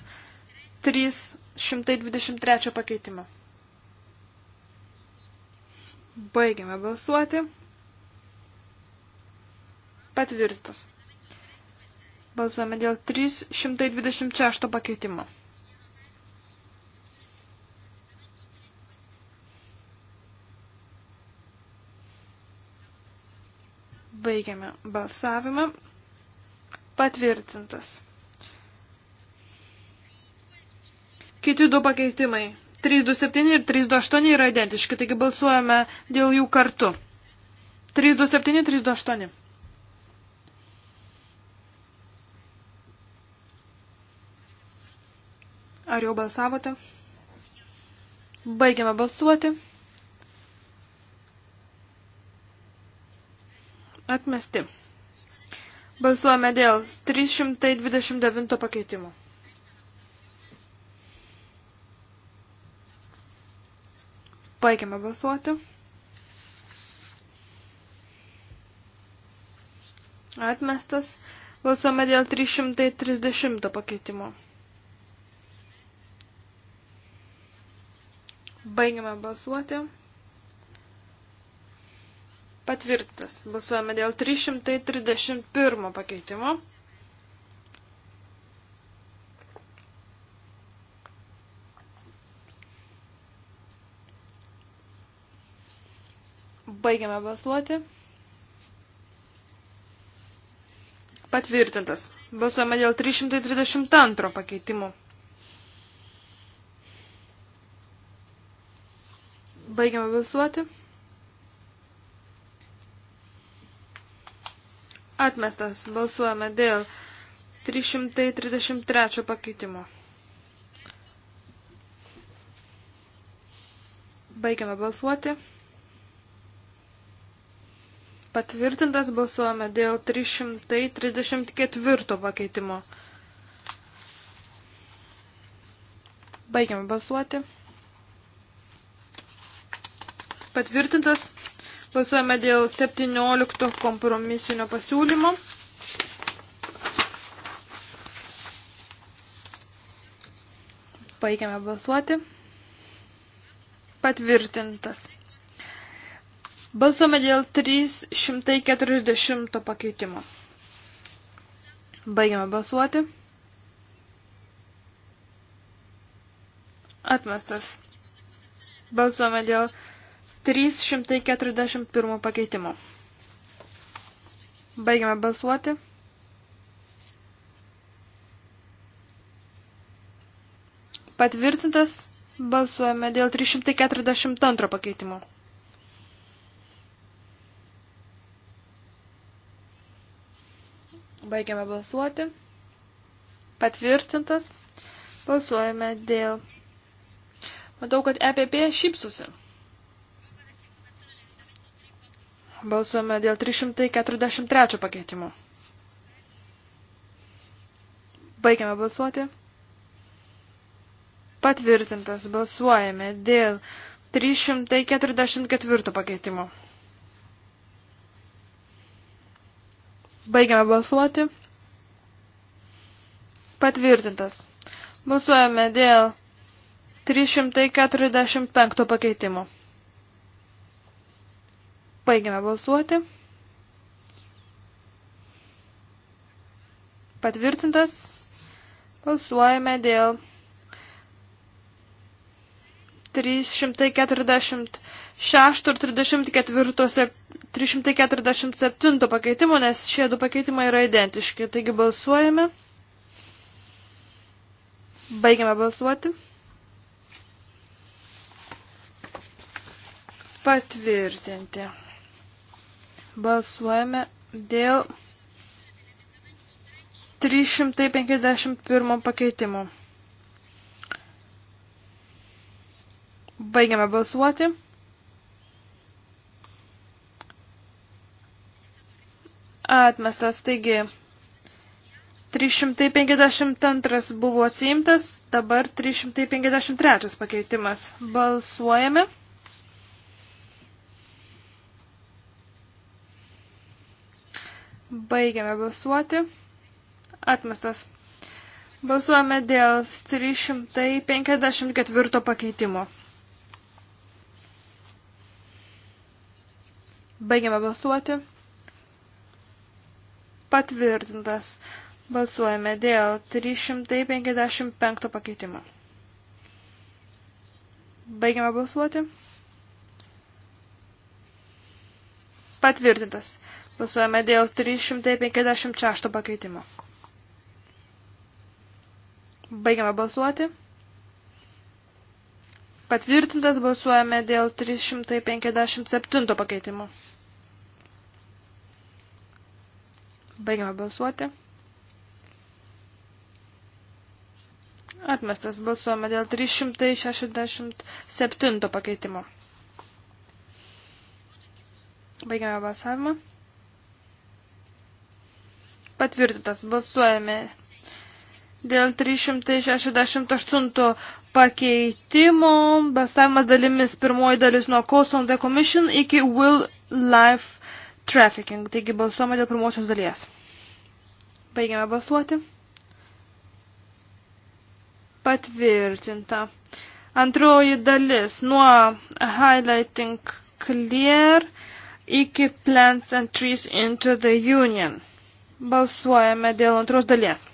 323 pakeitimo. Baigiame balsuoti. Patvirtas. Balsuojame dėl 326 pakeitimo. Baigiame balsavimą. Patvirtintas. Kiti du pakeitimai. 327 ir 328 yra identiški, taigi balsuojame dėl jų kartu. 327, 328. Ar jau balsavote? Baigiame balsuoti. Atmesti. Balsuojame dėl 329 pakeitimo. Baigiame balsuoti. Atmestas. Balsuojame dėl 330 pakeitimo. Baigiame balsuoti. Patvirtintas. Balsuojame dėl 331 pakeitimo. Baigiame balsuoti. Patvirtintas. Balsuojame dėl 332 pakeitimo. Baigiame balsuoti. Atmestas. Balsuojame dėl 333 pakeitimo. Baigiame balsuoti. Patvirtintas balsuojame dėl 334 pakeitimo. Baigiame balsuoti. Patvirtintas Balsuojame dėl 17 kompromisinio pasiūlymo. Baigiame balsuoti. Patvirtintas. Balsuojame dėl 340 pakeitimo. Baigiame balsuoti. Atmestas. Balsuojame dėl 340. 341 pakeitimo. Baigiame balsuoti. Patvirtintas balsuojame dėl 342 pakeitimo. Baigiame balsuoti. Patvirtintas. Balsuojame dėl... Matau, kad EPP šypsusi. Balsuojame dėl 343 pakeitimo. Baigiame balsuoti. Patvirtintas. Balsuojame dėl 344 pakeitimo. Baigiame balsuoti. Patvirtintas. Balsuojame dėl 345 pakeitimo. Baigiame balsuoti. Patvirtintas. Balsuojame dėl 346 ir 34, 347 pakeitimo, nes šie du pakeitimai yra identiški. Taigi balsuojame. Baigiame balsuoti. Patvirtinti. Balsuojame dėl 351 pakeitimo. Baigiame balsuoti. Atmestas, taigi 352 buvo atsiimtas, dabar 353 pakeitimas. Balsuojame. Baigiame balsuoti. Atmestas. Balsuojame dėl 354 pakeitimo. Baigiame balsuoti. Patvirtintas. Balsuojame dėl 355 pakeitimo. Baigiame balsuoti. Patvirtintas. Balsuojame dėl 356 pakeitimo. Baigiame balsuoti. Patvirtintas balsuojame dėl 357 pakeitimo. Baigiame balsuoti. Atmestas balsuojame dėl 367 pakeitimo. Baigiame balsavimą patvirtintas. Balsuojame dėl 368 pakeitimo. Balsavimas dalimis pirmoji dalis nuo Coast on the Commission iki Will Life Trafficking. Taigi balsuojame dėl pirmosios dalies. Baigiame balsuoti. Patvirtinta. Antroji dalis nuo Highlighting Clear iki Plants and Trees into the Union. Balsuojame dėl antros dalies.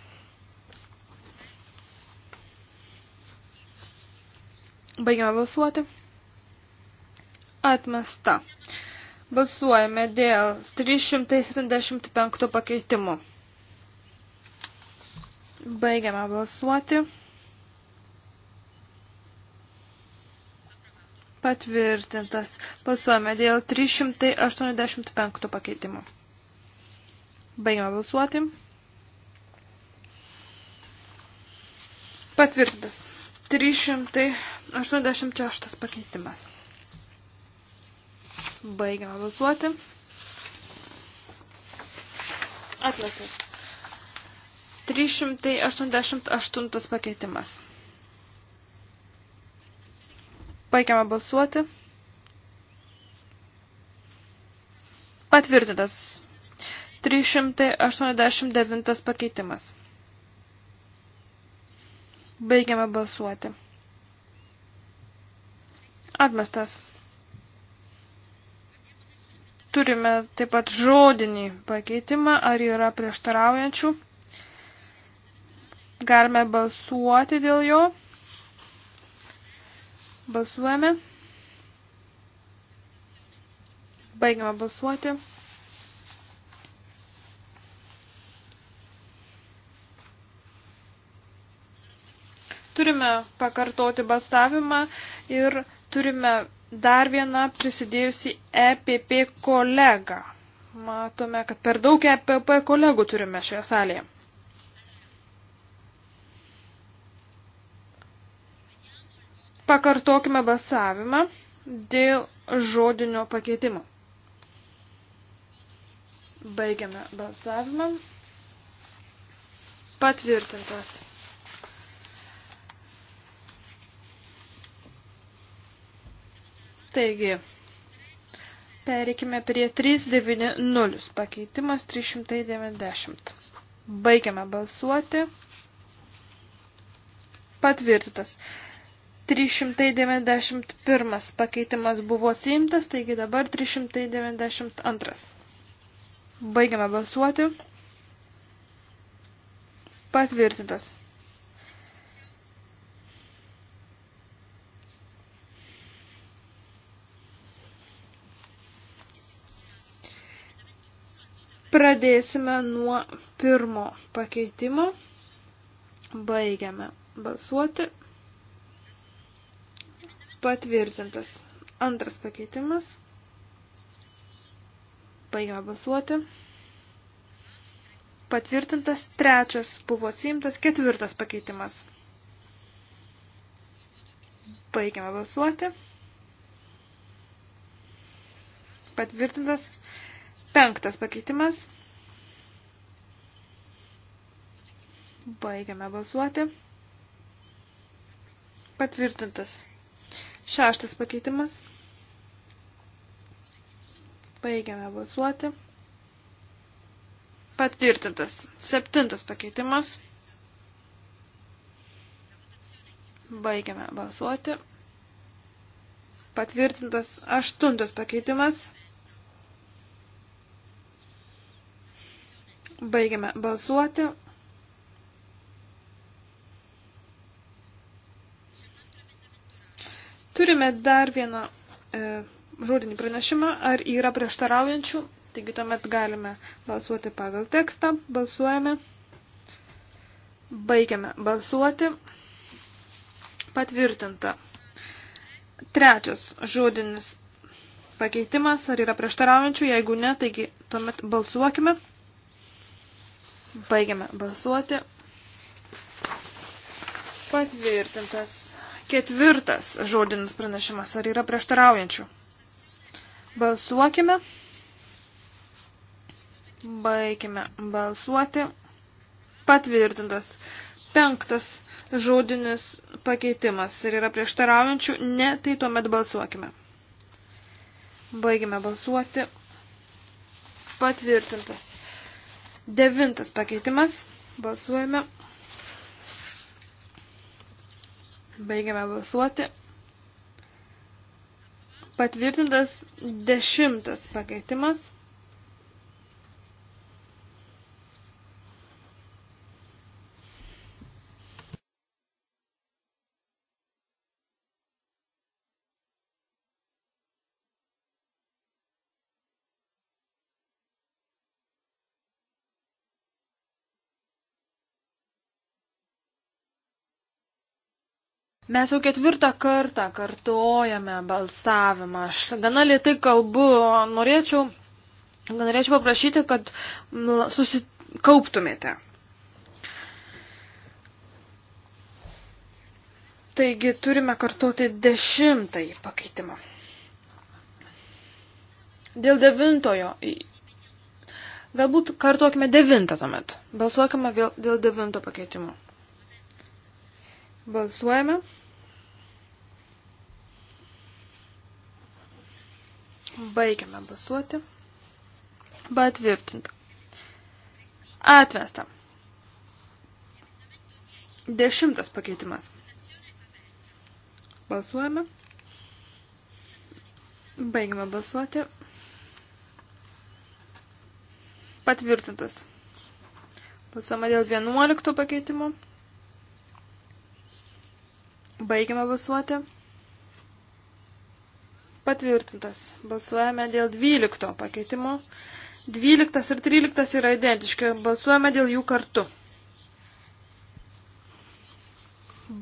Baigiame balsuoti. Atmesta. Balsuojame dėl 375 pakeitimų. Baigiame balsuoti. Patvirtintas. Balsuojame dėl 385 pakeitimų. Baigiame balsuoti. Patvirtintas. 386 pakeitimas. Baigiame balsuoti. Atmestas. 388 pakeitimas. Baigiame balsuoti. Patvirtintas. 389 pakeitimas. Baigiame balsuoti. Atmestas. Turime taip pat žodinį pakeitimą, ar yra prieštaraujančių. Galime balsuoti dėl jo. Balsuojame. Baigiame balsuoti. Turime pakartoti balsavimą ir turime dar vieną prisidėjusi EPP kolegą. Matome, kad per daug EPP kolegų turime šioje salėje. Pakartokime balsavimą dėl žodinio pakeitimo. Baigiame balsavimą. Patvirtintas. Taigi, pereikime prie 390 pakeitimas 390. Baigiame balsuoti. Patvirtintas. 391 pakeitimas buvo atsiimtas, taigi dabar 392. Baigiame balsuoti. Patvirtintas. Pradėsime nuo pirmo pakeitimo. Baigiame balsuoti. Patvirtintas antras pakeitimas. Baigiame balsuoti. Patvirtintas trečias buvo atsiimtas ketvirtas pakeitimas. Baigiame balsuoti. Patvirtintas Penktas pakeitimas. Baigiame balsuoti. Patvirtintas. Šeštas pakeitimas. Baigiame balsuoti. Patvirtintas. Septintas pakeitimas. Baigiame balsuoti. Patvirtintas aštuntas pakeitimas. Baigiame balsuoti. Turime dar vieną e, žodinį pranešimą, ar yra prieštaraujančių. Taigi tuomet galime balsuoti pagal tekstą. Balsuojame. Baigiame balsuoti. Patvirtinta. Trečias žodinis pakeitimas, ar yra prieštaraujančių, jeigu ne, taigi tuomet balsuokime. Baigiame balsuoti. Patvirtintas ketvirtas žodinis pranešimas. Ar yra prieštaraujančių? Balsuokime. Baigime balsuoti. Patvirtintas penktas žodinis pakeitimas. Ir yra prieštaraujančių? Ne, tai tuomet balsuokime. Baigime balsuoti. Patvirtintas. Devintas pakeitimas. Balsuojame. Baigiame balsuoti. Patvirtintas dešimtas pakeitimas. Mes jau ketvirtą kartą kartojame balsavimą. Aš gana lietai kalbu, norėčiau, norėčiau paprašyti, kad susikauptumėte. Taigi turime kartuoti dešimtąjį pakeitimą. Dėl devintojo. Galbūt kartuokime devintą tuomet. Balsuokime vėl dėl devinto pakeitimo. Balsuojame. Baigiame balsuoti. Patvirtinta. Atvesta. Dešimtas pakeitimas. Balsuojame. Baigime balsuoti. Patvirtintas. Balsuojame dėl 11 pakeitimo. Baigime balsuoti. Patvirtintas. Balsuojame dėl 12 pakeitimo. 12 ir 13 yra identiški. Balsuojame dėl jų kartu.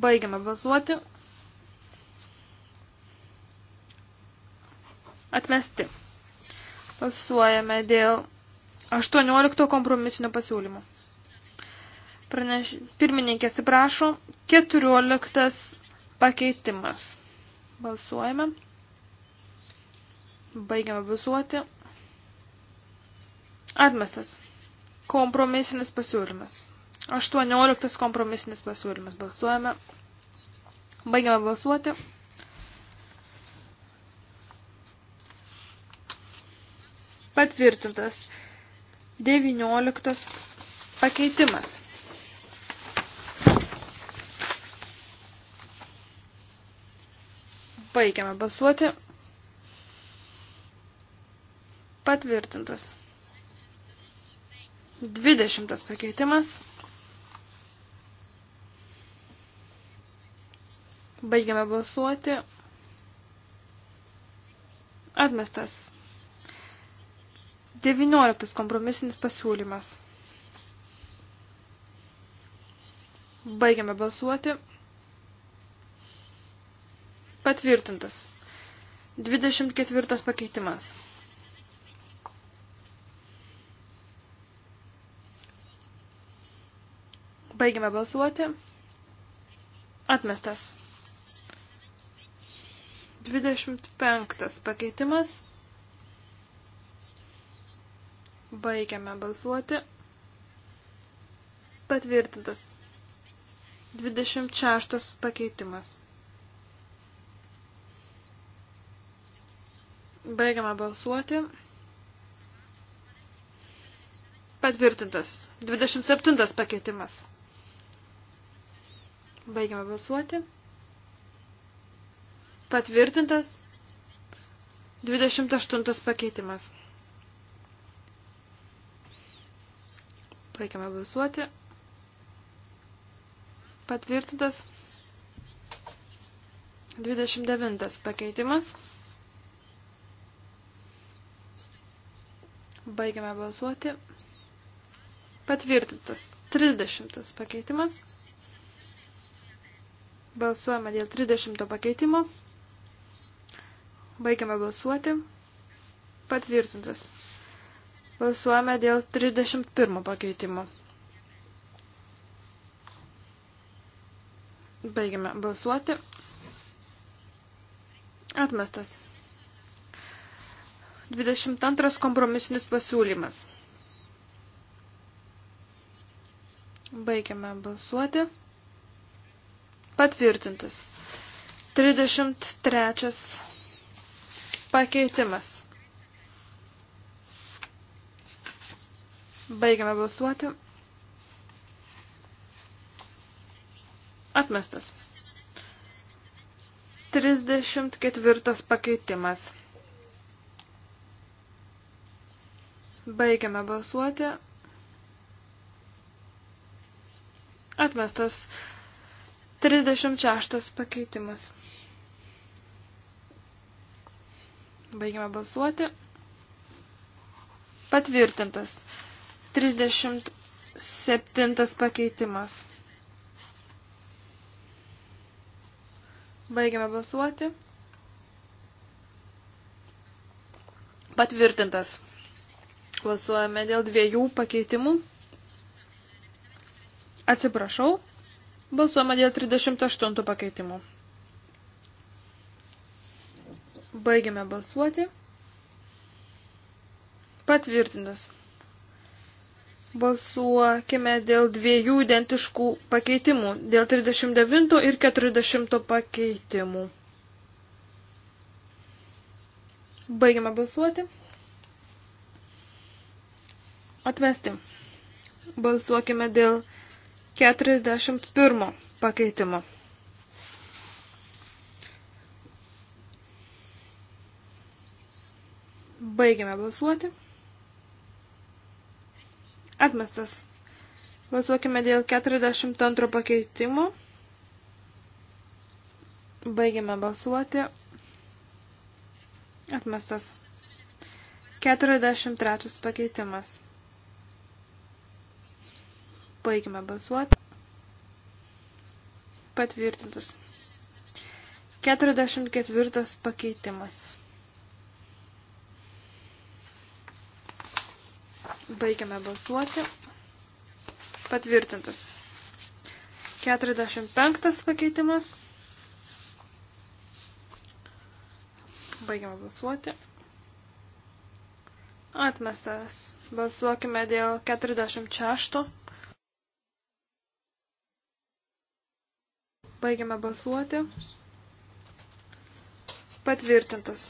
Baigiame balsuoti. Atmesti. Balsuojame dėl 18 kompromisinio pasiūlymo. Praneš... Pirmininkė atsiprašo. 14 pakeitimas. Balsuojame. Baigiame vizuoti. Atmestas. Kompromisinis pasiūlymas. 18 kompromisinis pasiūlymas. Balsuojame. Baigiame balsuoti. Patvirtintas. 19 pakeitimas. Baigiame balsuoti. Patvirtintas. 20 pakeitimas. Baigiame balsuoti. Atmestas. 19 kompromisinis pasiūlymas. Baigiame balsuoti. Patvirtintas. 24 pakeitimas. Baigiame balsuoti. Atmestas. 25 pakeitimas. Baigiame balsuoti. Patvirtintas. 26 pakeitimas. Baigiame balsuoti. Patvirtintas. 27 pakeitimas. Baigiame balsuoti. Patvirtintas 28 pakeitimas. Baigiame balsuoti. Patvirtintas 29 pakeitimas. Baigiame balsuoti. Patvirtintas 30 pakeitimas. Balsuojame dėl 30 pakeitimo. Baigiame balsuoti. Patvirtintas. Balsuojame dėl 31 pakeitimo. Baigiame balsuoti. Atmestas. 22 kompromisinis pasiūlymas. Baigiame balsuoti. Patvirtintas. 33. Pakeitimas. Baigiame balsuoti. Atmestas. 34 pakeitimas. Baigiame balsuoti. Atmestas 36 pakeitimas. Baigime balsuoti. Patvirtintas. 37 pakeitimas. Baigiame balsuoti. Patvirtintas. Balsuojame dėl dviejų pakeitimų. Atsiprašau. Balsuojama dėl 38 pakeitimų. Baigiame balsuoti. Patvirtintas. Balsuokime dėl dviejų identiškų pakeitimų, dėl 39 ir 40 pakeitimų. Baigiame balsuoti. Atmesti. Balsuokime dėl 39. 41 pakeitimo. Baigiame balsuoti. Atmestas. Balsuokime dėl 42 pakeitimo. Baigiame balsuoti. Atmestas. 43 pakeitimas. Baigime balsuoti. Patvirtintas. 44 pakeitimas. Baigiame balsuoti. Patvirtintas. 45 pakeitimas. Baigiame balsuoti. Atmestas. Balsuokime dėl 46. Baigiame balsuoti. Patvirtintas.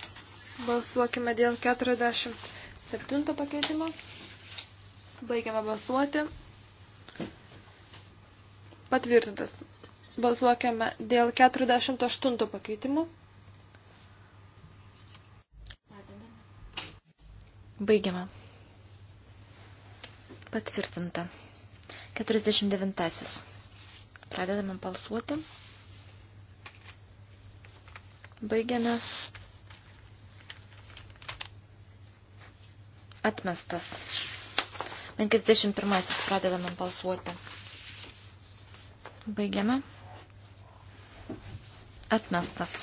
Balsuokime dėl 47 pakeitimo. Baigiame balsuoti. Patvirtintas. Balsuokime dėl 48 pakeitimų. Baigiame. Patvirtinta. 49. Pradedame balsuoti. Baigiame. Atmestas. 51. Pradedame balsuoti. Baigiame. Atmestas.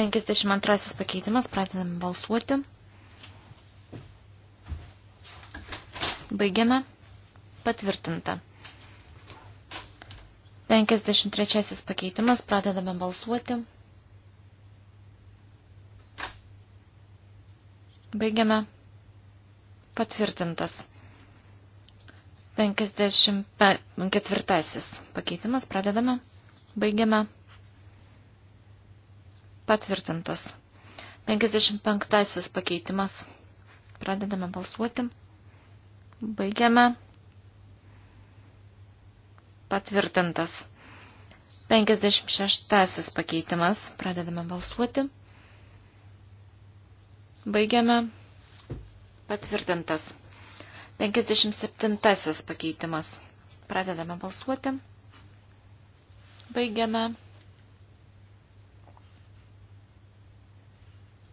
52 pakeitimas, pradedame balsuoti. Baigiame. Patvirtinta. 53 pakeitimas, pradedame balsuoti. Baigiame. Patvirtintas. 54 pakeitimas, pradedame. Baigiame. Patvirtintas. 55 pakeitimas. Pradedame balsuoti. Baigiame patvirtintas. 56 pakeitimas. Pradedame balsuoti. Baigiame. Patvirtintas. 57 pakeitimas. Pradedame balsuoti. Baigiame.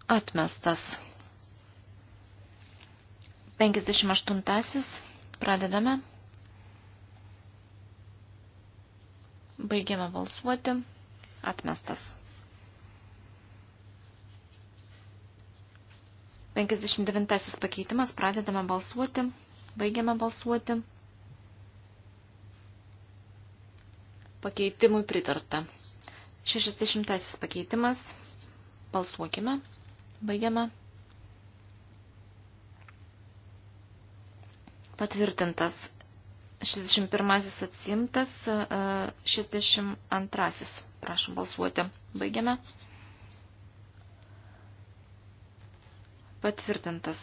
Atmestas. 58. Pradedame. Baigiame balsuoti. Atmestas. 59 pakeitimas. Pradedame balsuoti. Baigiame balsuoti. Pakeitimui pritarta. 60 pakeitimas. Balsuokime. Baigiame. Patvirtintas 61 atsimtas, 62. E, Prašom balsuoti. Baigiame. Patvirtintas.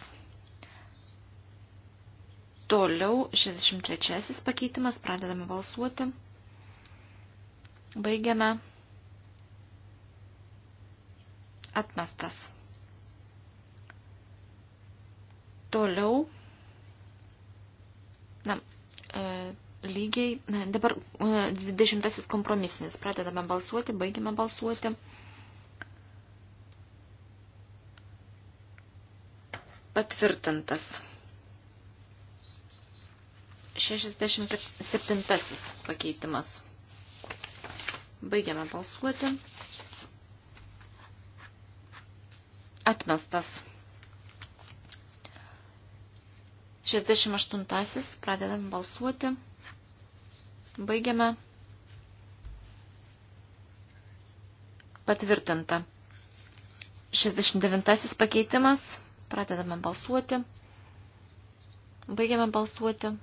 Toliau 63 pakeitimas, pradedame balsuoti. Baigiame. Atmestas. Toliau. Na, E, lygiai. Dabar 20 e, kompromisinis. Pradedame balsuoti, baigiame balsuoti. Patvirtintas. 67 pakeitimas. Baigiame balsuoti. Atmestas. 68. Pradedam balsuoti. Baigiame. Patvirtinta. 69. Pakeitimas. Pradedame balsuoti. Baigiame balsuoti.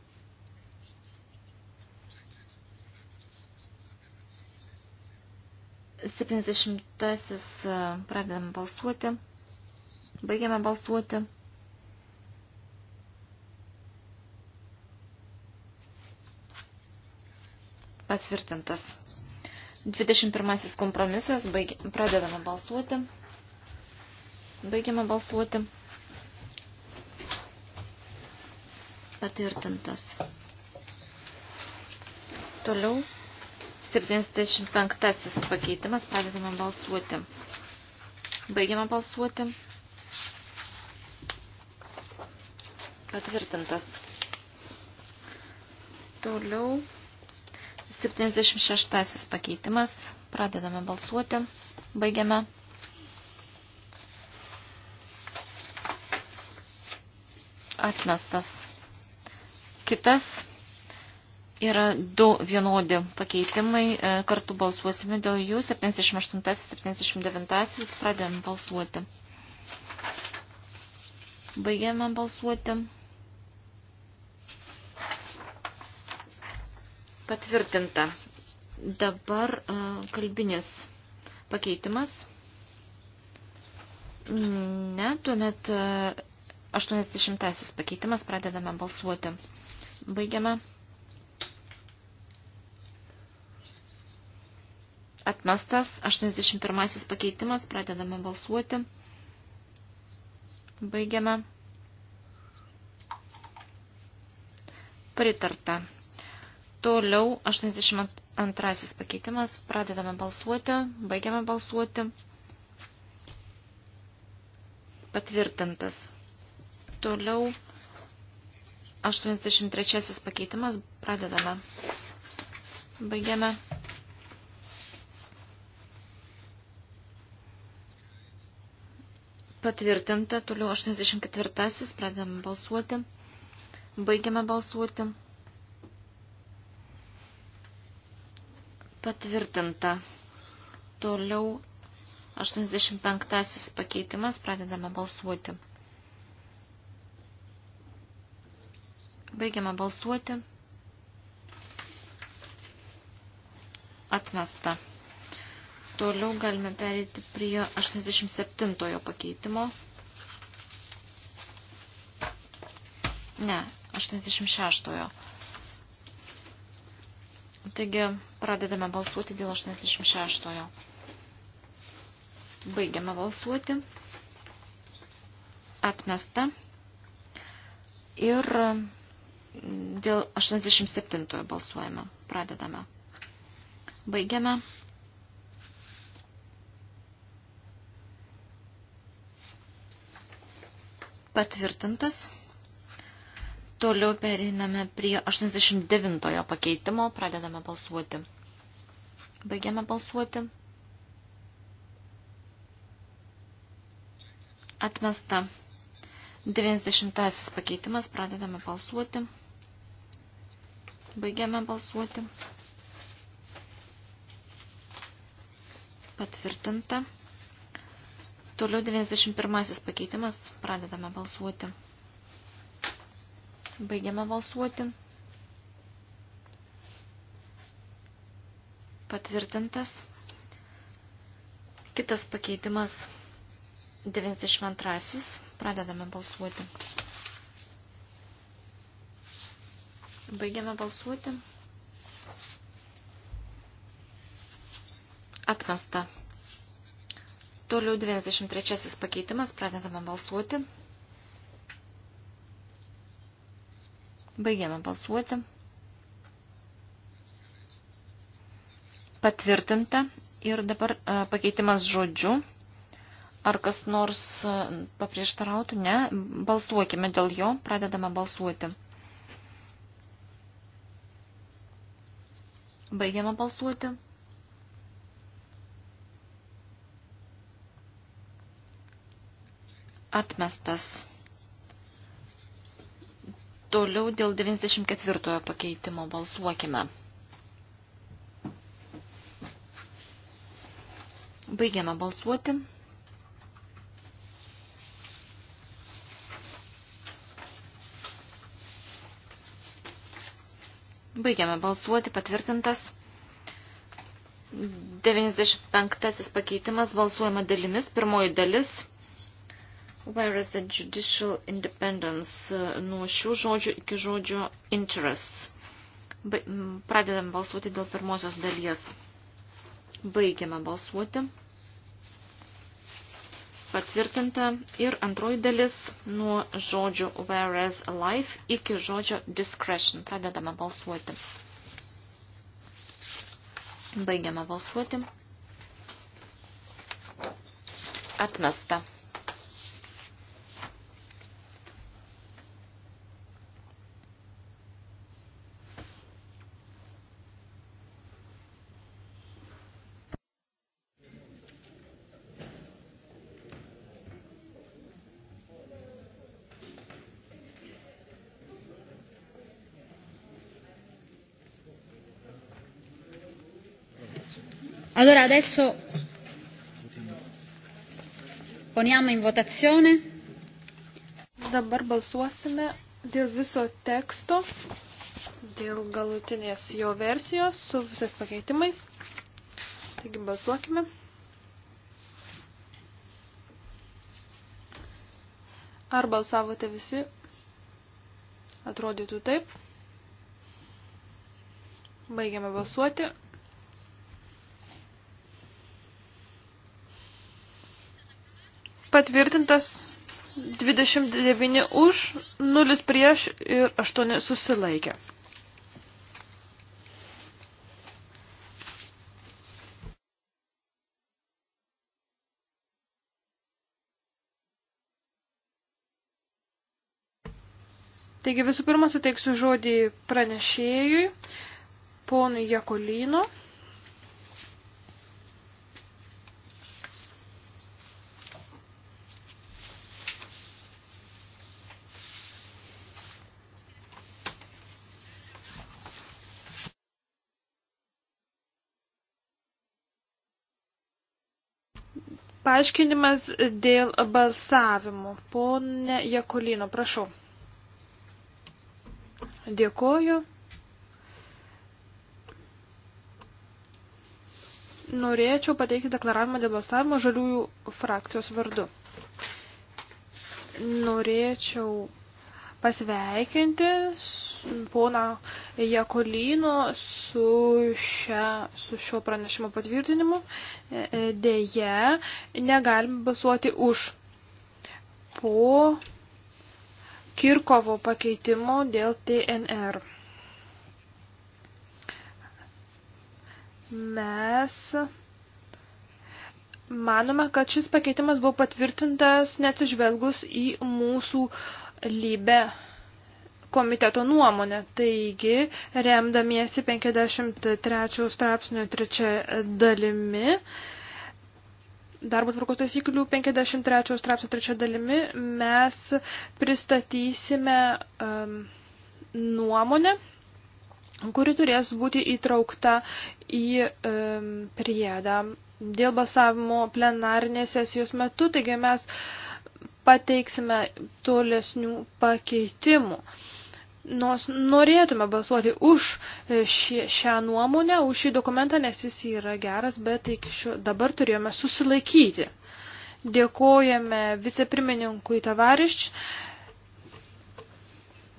Septyniasdešimtasis pradedame balsuoti. Baigiame balsuoti. patvirtintas. 21 kompromisas, baigi, pradedame balsuoti, baigiame balsuoti, patvirtintas. Toliau 75 pakeitimas, pradedame balsuoti, baigiame balsuoti, patvirtintas. Toliau 76 pakeitimas. Pradedame balsuoti. Baigiame. Atmestas. Kitas yra du vienodi pakeitimai. E, kartu balsuosime dėl jų. 78, 79. Pradedame balsuoti. Baigiame balsuoti. Patvirtinta. Dabar e, kalbinis pakeitimas. Ne, tuomet 80 e, pakeitimas pradedame balsuoti. Baigiame. Atmestas 81 pakeitimas, pradedame balsuoti. Baigiame. Pritarta. Toliau 82 pakeitimas. Pradedame balsuoti, baigiame balsuoti. Patvirtintas. Toliau 83 pakeitimas. Pradedame. Baigiame. Patvirtinta. Toliau 84. Pradedame balsuoti. Baigiame balsuoti. Patvirtinta. Toliau 85 pakeitimas. Pradedame balsuoti. Baigiame balsuoti. Atmesta. Toliau galime perėti prie 87 pakeitimo. Ne, 86. -ojo. Taigi pradedame balsuoti dėl 86-ojo. Baigiame balsuoti. Atmesta. Ir dėl 87-ojo balsuojame. Pradedame. Baigiame. Patvirtintas. Toliau periname prie 89 pakeitimo, pradedame balsuoti. Baigiame balsuoti. Atmesta. 90 pakeitimas, pradedame balsuoti. Baigiame balsuoti. Patvirtinta. Toliau 91 pakeitimas, pradedame balsuoti. Baigiame balsuoti. Patvirtintas. Kitas pakeitimas 92. Pradedame balsuoti. Baigiame balsuoti. Atmesta. Toliau 93 pakeitimas, pradedame balsuoti. Baigiame balsuoti. Patvirtinta. Ir dabar e, pakeitimas žodžiu. Ar kas nors e, paprieštarautų? Ne. Balsuokime dėl jo. Pradedame balsuoti. Baigiame balsuoti. Atmestas. Toliau dėl 94 pakeitimo balsuokime. Baigiame balsuoti. Baigiame balsuoti, patvirtintas 95 pakeitimas, balsuojama dalimis, pirmoji dalis – Whereas the judicial independence uh, nuo šių žodžių iki žodžio interests. Ba pradedam balsuoti dėl pirmosios dalies. Baigiame balsuoti. Patvirtinta ir antroji dalis nuo žodžių whereas life iki žodžio discretion. Pradedame balsuoti. Baigiame balsuoti. Atmesta. Allora adesso poniamo in votazione. Dabar balsuosime dėl viso teksto, dėl galutinės jo versijos su visais pakeitimais. Taigi balsuokime. Ar balsavote visi? Atrodytų taip. Baigiame balsuoti. patvirtintas 29 už, 0 prieš ir 8 susilaikė. Taigi visų pirma suteiksiu žodį pranešėjui, ponui Jakolino. Paaiškinimas dėl balsavimo. Pone Jekolino, prašau. Dėkoju. Norėčiau pateikti deklaravimą dėl balsavimo žaliųjų frakcijos vardu. Norėčiau pasveikinti poną Jakolino su, šia, su šio pranešimo patvirtinimu. E, e, deja, negalim balsuoti už. Po Kirkovo pakeitimo dėl TNR. Mes manome, kad šis pakeitimas buvo patvirtintas neatsižvelgus į mūsų uh, lybe komiteto nuomonę. Taigi, remdamiesi 53 straipsnio trečia dalimi, darbo tvarkos taisyklių 53 straipsnio trečia dalimi, mes pristatysime um, nuomonę, kuri turės būti įtraukta į um, priedą dėl balsavimo plenarinės sesijos metu. Taigi mes uh, pateiksime tolesnių pakeitimų. Nors norėtume balsuoti už e, šį, šią nuomonę, už šį dokumentą, nes jis yra geras, bet iki šio dabar turėjome susilaikyti. Dėkojame vicepirmininkui Tavarišč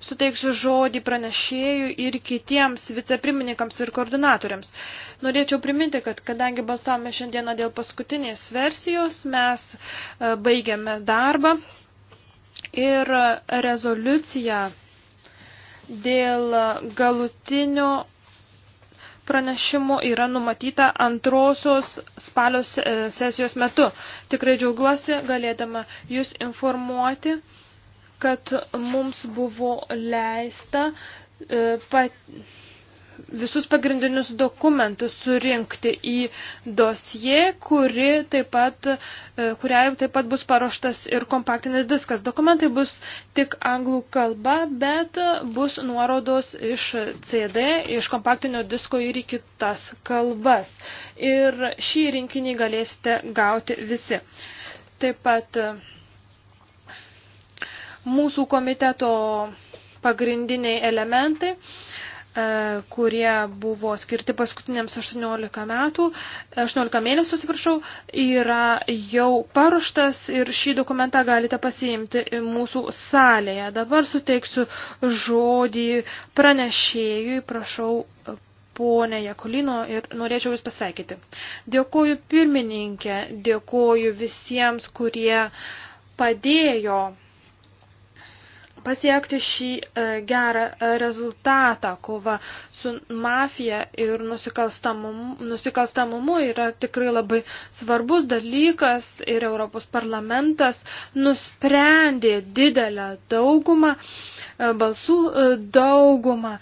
suteiksiu žodį pranešėjų ir kitiems vicepirmininkams ir koordinatoriams. Norėčiau priminti, kad kadangi balsavome šiandieną dėl paskutinės versijos, mes e, baigiame darbą ir e, rezoliuciją dėl galutinio pranešimų yra numatyta antrosios spalio e, sesijos metu. Tikrai džiaugiuosi galėdama jūs informuoti kad mums buvo leista e, pat, visus pagrindinius dokumentus surinkti į dosie, kuri taip pat, e, kuriai taip pat bus paruoštas ir kompaktinis diskas. Dokumentai bus tik anglų kalba, bet bus nuorodos iš CD, iš kompaktinio disko ir į kitas kalbas. Ir šį rinkinį galėsite gauti visi. Taip pat e, mūsų komiteto pagrindiniai elementai e, kurie buvo skirti paskutiniams 18 metų, 18 mėnesių, atsiprašau, yra jau paruoštas ir šį dokumentą galite pasiimti mūsų salėje. Dabar suteiksiu žodį pranešėjui, prašau ponė Jakolino ir norėčiau Jūs pasveikyti. Dėkoju pirmininkė, dėkoju visiems, kurie padėjo pasiekti šį e, gerą e, rezultatą. Kova su mafija ir nusikalstamumu, nusikalstamumu yra tikrai labai svarbus dalykas ir Europos parlamentas nusprendė didelę daugumą, e, balsų daugumą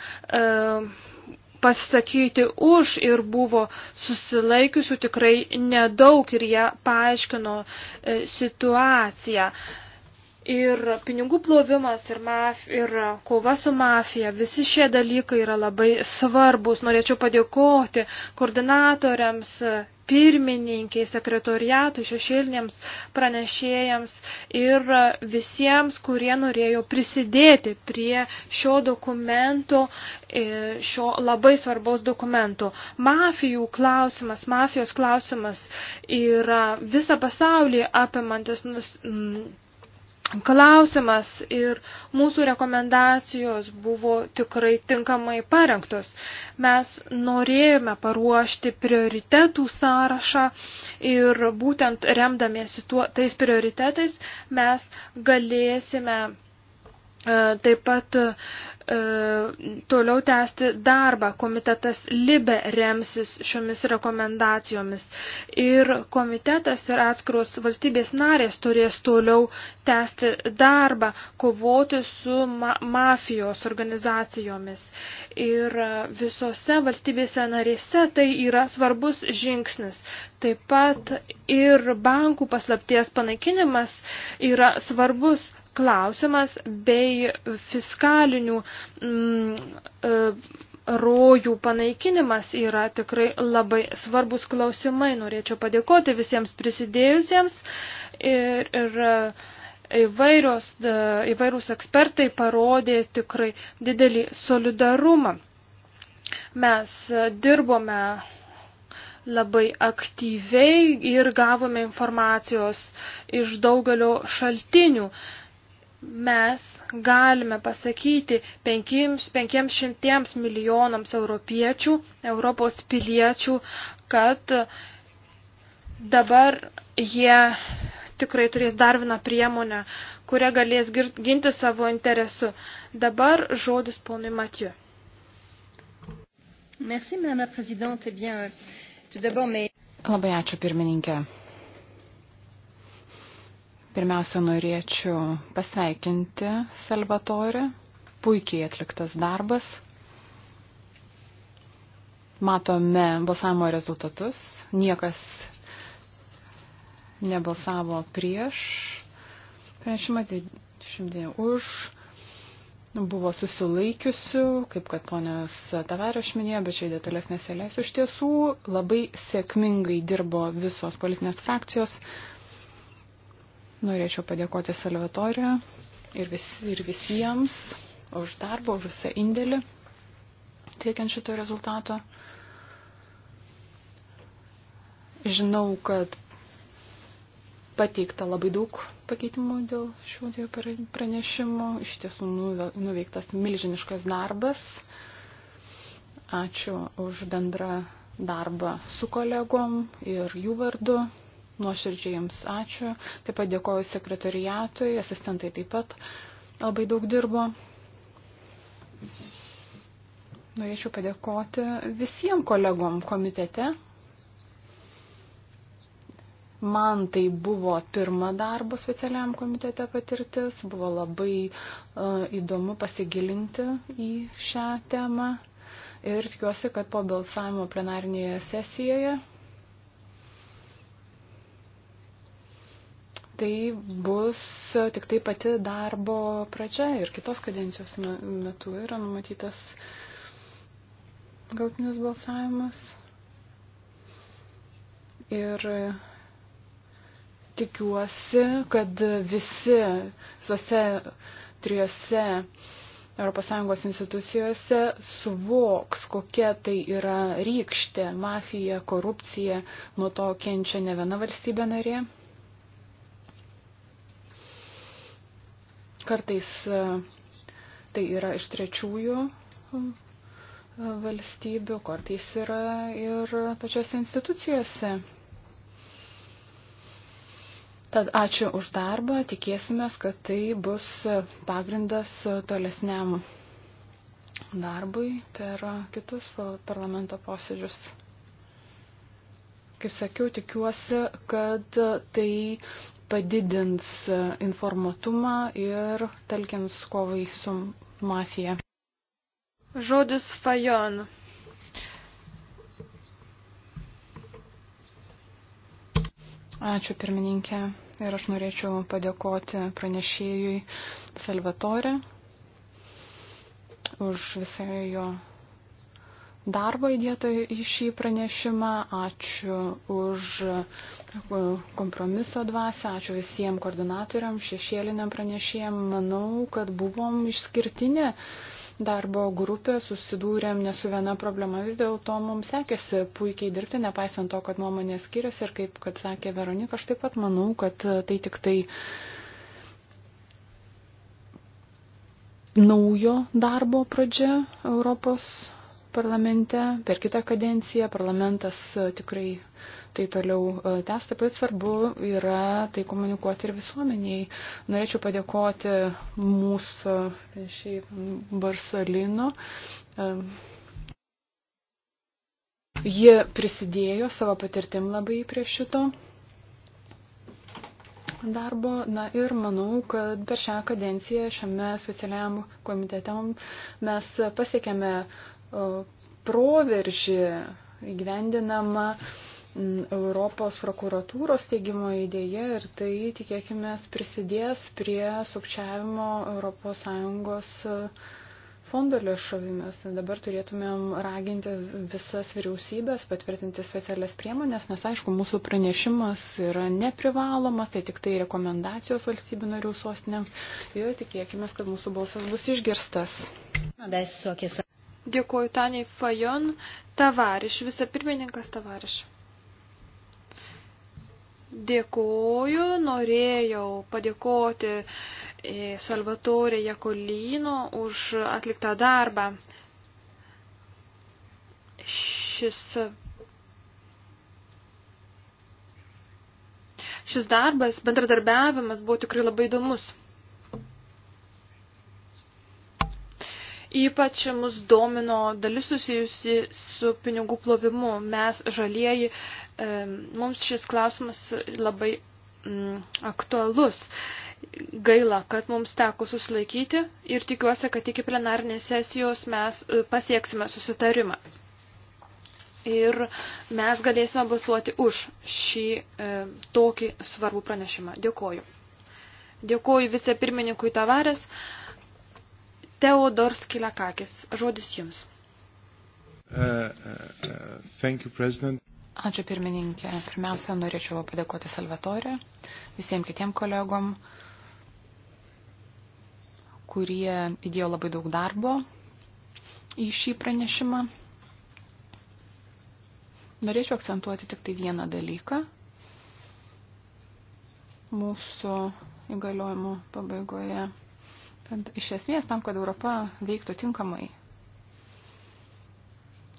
pasisakyti už ir buvo susilaikiusių tikrai nedaug ir jie paaiškino situaciją ir pinigų plovimas, ir, maf, ir kova su mafija, visi šie dalykai yra labai svarbus. Norėčiau padėkoti koordinatoriams, pirmininkiai, sekretoriatui, šešėlinėms pranešėjams ir visiems, kurie norėjo prisidėti prie šio dokumento, e, šio labai svarbaus dokumento. Mafijų klausimas, mafijos klausimas yra visą pasaulį apimantis. Nus, mm, klausimas ir mūsų rekomendacijos buvo tikrai tinkamai parengtos. Mes norėjome paruošti prioritetų sąrašą ir būtent remdamiesi tuo, tais prioritetais mes galėsime E, taip pat e, toliau tęsti darbą. Komitetas Libe remsis šiomis rekomendacijomis. Ir komitetas ir atskiros valstybės narės turės toliau tęsti darbą, kovoti su ma mafijos organizacijomis. Ir visose valstybėse narėse tai yra svarbus žingsnis. Taip pat ir bankų paslapties panaikinimas yra svarbus klausimas bei fiskalinių mm, e, rojų panaikinimas yra tikrai labai svarbus klausimai. Norėčiau padėkoti visiems prisidėjusiems ir, ir e, įvairios, e, įvairūs ekspertai parodė tikrai didelį solidarumą. Mes dirbome labai aktyviai ir gavome informacijos iš daugelio šaltinių mes galime pasakyti 500 milijonams europiečių, Europos piliečių, kad dabar jie tikrai turės dar vieną priemonę, kurią galės ginti savo interesu. Dabar žodis ponui Matiu. Merci, Madame la Présidente. Eh bien, tout d'abord, mes... Labai ačiū, pirmininkė. Pirmiausia, norėčiau pasveikinti Salvatorį. Puikiai atliktas darbas. Matome balsavimo rezultatus. Niekas nebalsavo prieš. Pranešimą 29 už. Buvo susilaikiusių, kaip kad ponios Tavarėš minėjo, bet čia į detalės nesileisiu. Iš tiesų labai sėkmingai dirbo visos politinės frakcijos. Norėčiau padėkoti Salvatoriją ir, vis, ir visiems už darbą, už visą indėlį, tiekiant šito rezultato. Žinau, kad pateikta labai daug pakeitimų dėl šių dviejų pranešimų. Iš tiesų nuveiktas milžiniškas darbas. Ačiū už bendrą darbą su kolegom ir jų vardu. Nuoširdžiai jums ačiū. Taip pat dėkoju sekretariatui, asistentai taip pat labai daug dirbo. Norėčiau padėkoti visiems kolegom komitete. Man tai buvo pirma darbo specialiam komitete patirtis, buvo labai uh, įdomu pasigilinti į šią temą ir tikiuosi, kad po balsavimo plenarinėje sesijoje tai bus tik tai pati darbo pradžia ir kitos kadencijos metu yra numatytas galtinis balsavimas. Ir tikiuosi, kad visi visose trijose ES institucijose suvoks, kokia tai yra rykštė, mafija, korupcija, nuo to kenčia ne viena valstybė narė. Kartais e, tai yra iš trečiųjų e, valstybių, kartais yra ir pačiose institucijose. Tad ačiū už darbą, tikėsime, kad tai bus pagrindas tolesniam darbui per kitus parlamento posėdžius. Kaip sakiau, tikiuosi, kad tai padidins e, informatumą ir telkins kovai su mafija. Žodis Fajon. Ačiū pirmininkė ir aš norėčiau padėkoti pranešėjui Salvatore už visą jo darbo įdėtą į šį pranešimą, ačiū už e, kompromiso dvasę, ačiū visiems koordinatoriam, šešėliniam pranešėjim. Manau, kad buvom išskirtinė darbo grupė, susidūrėm ne su viena problema, vis dėlto mums sekėsi puikiai dirbti, nepaisant to, kad nuomonės skiriasi ir kaip, kad sakė Veronika, aš taip pat manau, kad e, tai tik tai naujo darbo pradžia Europos parlamente, per kitą kadenciją. Parlamentas e, tikrai tai toliau e, tęs. Taip pat svarbu yra tai komunikuoti ir visuomeniai. Norėčiau padėkoti mūsų e, šiaip Barsalino. Jie prisidėjo savo patirtim labai prie šito darbo. Na ir manau, kad per šią kadenciją šiame specialiam komitete mes pasiekėme E, proveržį įgyvendinama Europos prokuratūros teigimo idėja ir tai, tikėkime, prisidės prie sukčiavimo ES e, fondo lėšovimis. Dabar turėtumėm raginti visas vyriausybės patvirtinti specialias priemonės, nes aišku, mūsų pranešimas yra neprivalomas, tai tik tai rekomendacijos valstybių narių sostinėms ir tikėkime, kad mūsų balsas bus išgirstas. Adesso, Dėkuoju Taniai Fajon Tavariš, visapirmininkas Tavariš. Dėkuoju, norėjau padėkoti e, Salvatore Jakolino už atliktą darbą. Šis šis darbas, bendradarbiavimas buvo tikrai labai įdomus. Ypač mus domino dalis susijusi su pinigų plovimu. Mes žalieji, mums šis klausimas labai mm, aktualus. Gaila, kad mums teko susilaikyti ir tikiuosi, kad iki plenarnės sesijos mes e, pasieksime susitarimą. Ir mes galėsime balsuoti už šį e, tokį svarbų pranešimą. Dėkoju. Dėkoju vicepirmininkui Tavarės. E, Teodors Kilakakis. Žodis jums. Uh, uh, uh, thank you, President. Ačiū pirmininkė. Pirmiausia, norėčiau padėkoti Salvatorė, visiems kitiem kolegom, kurie įdėjo labai daug darbo į šį pranešimą. Norėčiau akcentuoti tik tai vieną dalyką. Mūsų įgaliojimų pabaigoje Tad iš esmės tam, kad Europa veiktų tinkamai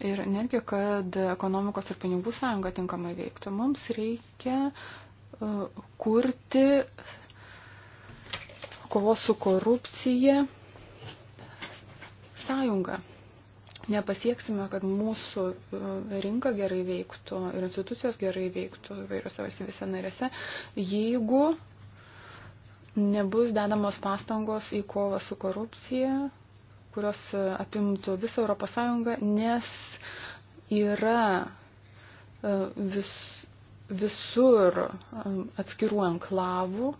ir netgi, kad ekonomikos ir pinigų sąjunga tinkamai veiktų, mums reikia uh, kurti kovos su korupcija sąjungą nepasieksime, kad mūsų e, rinka gerai veiktų ir institucijos gerai veiktų vairiose valstybėse narėse, jeigu nebus dedamos pastangos į kovą su korupcija, kurios e, apimtų visą ES, nes yra e, vis, visur e, atskirų enklavų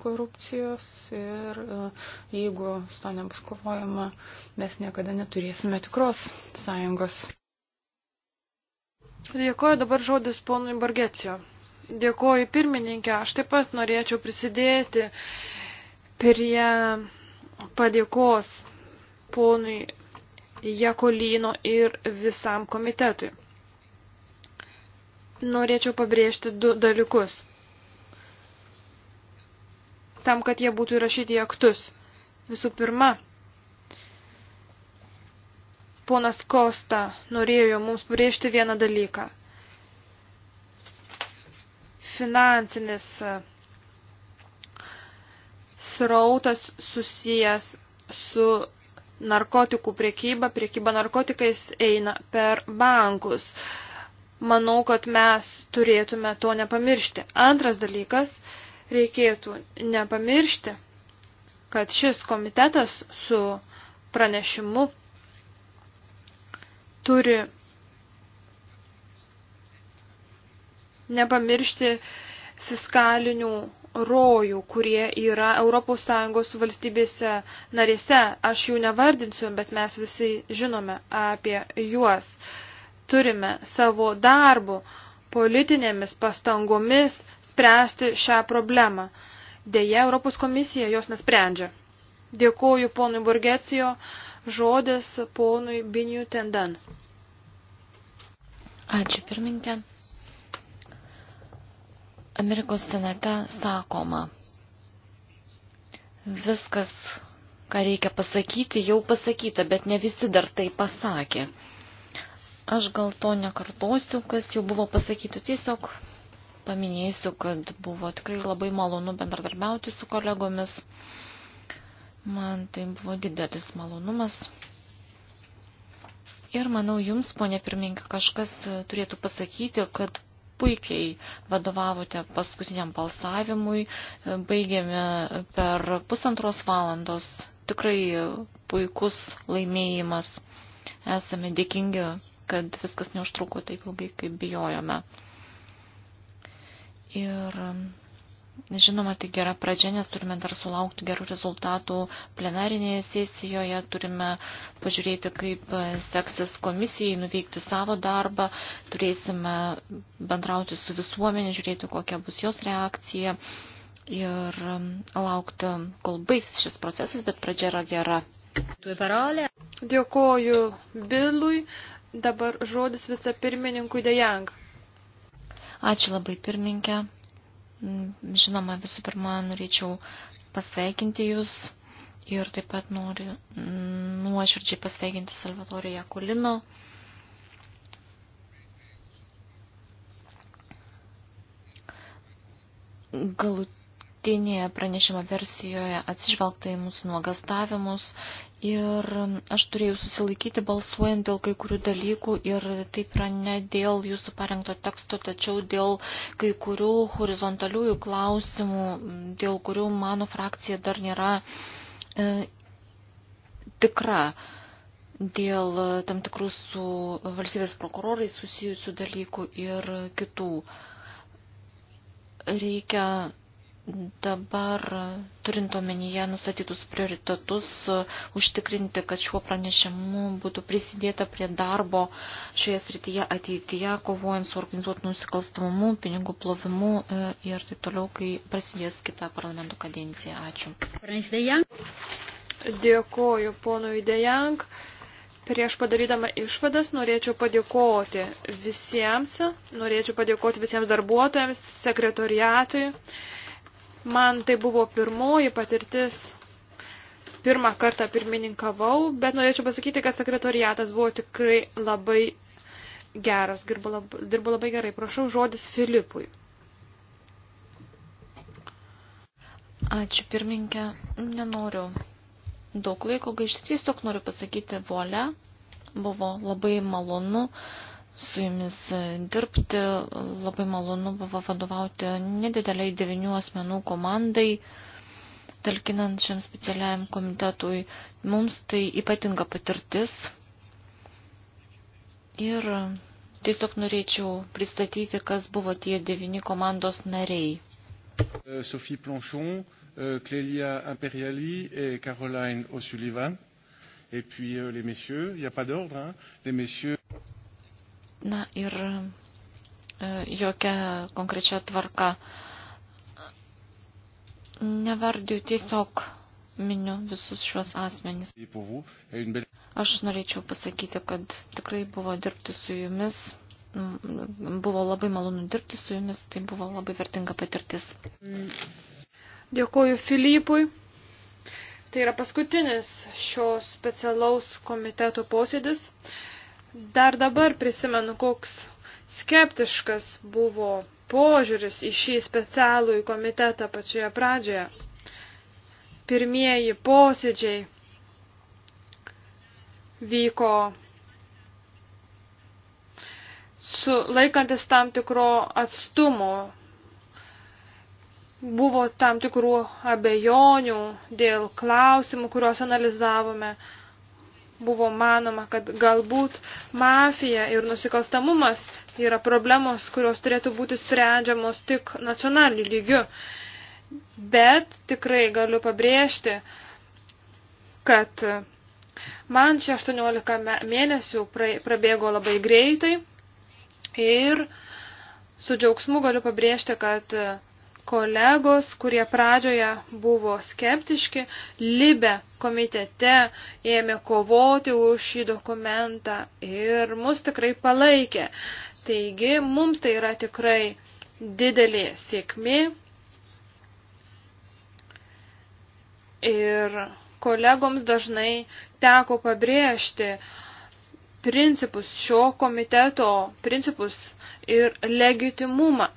korupcijos ir jeigu su to nebus kovojama, mes niekada neturėsime tikros sąjungos. Dėkuoju dabar žodis ponui Bargecijo. Dėkuoju pirmininkė, aš taip pat norėčiau prisidėti prie padėkos ponui Jekolino ir visam komitetui. Norėčiau pabrėžti du dalykus. Tam, kad jie būtų įrašyti į aktus. Visų pirma, ponas Kosta norėjo mums pabrėžti vieną dalyką – finansinis e, srautas susijęs su narkotikų priekyba, priekyba narkotikais eina per bankus. Manau, kad mes turėtume to nepamiršti. Antras dalykas, reikėtų nepamiršti, kad šis komitetas su pranešimu turi nepamiršti fiskalinių rojų, kurie yra ES valstybėse narėse. Aš jų nevardinsiu, bet mes visi žinome apie juos. Turime savo darbų, politinėmis pastangomis spręsti šią problemą. Deja, Europos komisija jos nesprendžia. Dėkoju ponui Borgecijo, žodis ponui Biniu Tendan. Ačiū pirminkė. Amerikos senate sakoma, viskas, ką reikia pasakyti, jau pasakyta, bet ne visi dar tai pasakė. Aš gal to nekartosiu, kas jau buvo pasakyti, tiesiog paminėsiu, kad buvo tikrai labai malonu bendradarbiauti su kolegomis. Man tai buvo didelis malonumas. Ir manau, jums, ponė pirmininkė, kažkas turėtų pasakyti, kad puikiai vadovavote paskutiniam balsavimui. Baigėme per pusantros valandos. Tikrai puikus laimėjimas. Esame dėkingi, kad viskas neužtruko taip ilgai, kaip bijojome. Ir Žinoma, tai gera pradžia, nes turime dar sulaukti gerų rezultatų plenarinėje sesijoje, turime pažiūrėti, kaip seksis komisijai nuveikti savo darbą, turėsime bendrauti su visuomenė, žiūrėti, kokia bus jos reakcija ir laukti, kol baigsis šis procesas, bet pradžia yra gera. Dėkoju Bilui, dabar žodis vicepirmininkui Dejang. Ačiū labai pirmininkė. Mm, žinoma, visų pirma, norėčiau pasveikinti Jūs ir taip pat noriu mm, nuoširdžiai pasveikinti Salvatoriją Kulino. Galut paskutinėje pranešimo versijoje atsižvelgta į mūsų nuogastavimus ir aš turėjau susilaikyti balsuojant dėl kai kurių dalykų ir taip yra ne dėl jūsų parengto teksto, tačiau dėl kai kurių horizontaliųjų klausimų, dėl kurių mano frakcija dar nėra e, tikra dėl tam tikrų su valstybės prokurorais susijusių dalykų ir kitų reikia dabar, turint omenyje nustatytus prioritetus, užtikrinti, kad šiuo pranešimu būtų prisidėta prie darbo šioje srityje ateityje, kovojant su organizuotų nusikalstamumu, pinigų plovimu e, ir taip toliau, kai prasidės kita parlamento kadencija. Ačiū. Dėkoju ponui Dejank. Prieš padarydama išvadas norėčiau padėkoti visiems, norėčiau padėkoti visiems darbuotojams, sekretoriatui. Man tai buvo pirmoji patirtis. Pirmą kartą pirmininkavau, bet norėčiau pasakyti, kad sekretoriatas buvo tikrai labai geras, dirbo labai, dirbo labai gerai. Prašau žodis Filipui. Ačiū pirminkė, nenoriu daug laiko gaišti, tiesiog noriu pasakyti volę, buvo labai malonu uh, su jumis e, dirbti. Labai malonu buvo vadovauti nedideliai devinių asmenų komandai, talkinant šiam specialiajam komitetui. Mums tai ypatinga patirtis. Ir tiesiog norėčiau pristatyti, kas buvo tie devini komandos nariai. E, Sophie Planchon, e, Clélia Imperiali et Caroline O'Sullivan. Et puis euh, les messieurs, il n'y a pas d'ordre, hein, les messieurs Na ir e, jokia konkrečia tvarka. Nevardiu, tiesiog miniu visus šiuos asmenys. Aš norėčiau pasakyti, kad tikrai buvo dirbti su jumis buvo labai malonu dirbti su jumis, tai buvo labai vertinga patirtis. Dėkuoju Filipui. Tai yra paskutinis šios specialaus komiteto posėdis. Dar dabar prisimenu, koks skeptiškas buvo požiūris į šį specialų į komitetą pačioje pradžioje. Pirmieji posėdžiai vyko su laikantis tam tikro atstumo. Buvo tam tikrų abejonių dėl klausimų, kuriuos analizavome buvo manoma, kad galbūt mafija ir nusikalstamumas yra problemos, kurios turėtų būti sprendžiamos tik nacionaliniu lygiu. Bet tikrai galiu pabrėžti, kad man šie 18 mėnesių prabėgo labai greitai ir su džiaugsmu galiu pabrėžti, kad kolegos, kurie pradžioje buvo skeptiški, Libe komitete ėmė kovoti už šį dokumentą ir mus tikrai palaikė. Taigi, mums tai yra tikrai didelė sėkmė. Ir kolegoms dažnai teko pabrėžti principus šio komiteto, principus ir legitimumą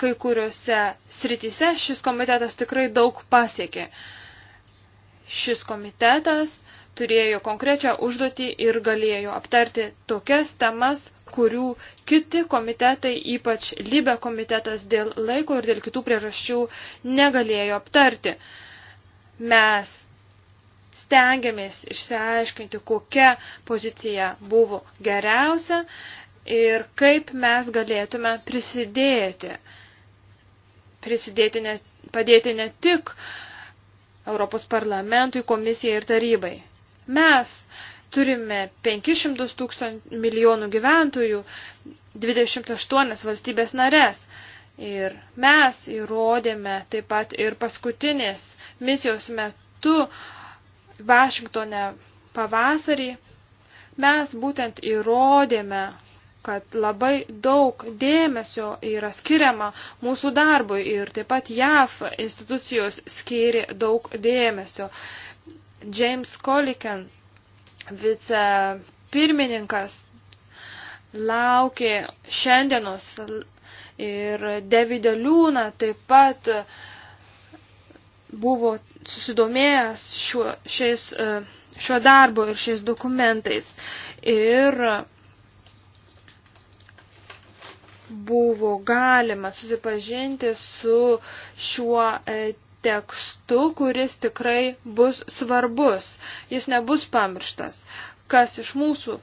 kai kuriuose srityse šis komitetas tikrai daug pasiekė. Šis komitetas turėjo konkrečią užduotį ir galėjo aptarti tokias temas, kurių kiti komitetai, ypač Libe komitetas dėl laiko ir dėl kitų priežasčių negalėjo aptarti. Mes stengiamės išsiaiškinti, kokia pozicija buvo geriausia ir kaip mes galėtume prisidėti prisidėti ne, padėti ne tik Europos parlamentui, komisijai ir tarybai. Mes turime 500 tūkstančių milijonų gyventojų, 28 valstybės narės. Ir mes įrodėme taip pat ir paskutinės misijos metu Vašingtone pavasarį, mes būtent įrodėme, kad labai daug dėmesio yra skiriama mūsų darbui ir taip pat JAF institucijos skiri daug dėmesio. James Colican, vicepirmininkas, laukė šiandienos ir Davido Liūna taip pat buvo susidomėjęs šiuo, šiais, e, šiuo darbu ir šiais dokumentais. Ir buvo galima susipažinti su šiuo e, tekstu, kuris tikrai bus svarbus. Jis nebus pamirštas. Kas iš mūsų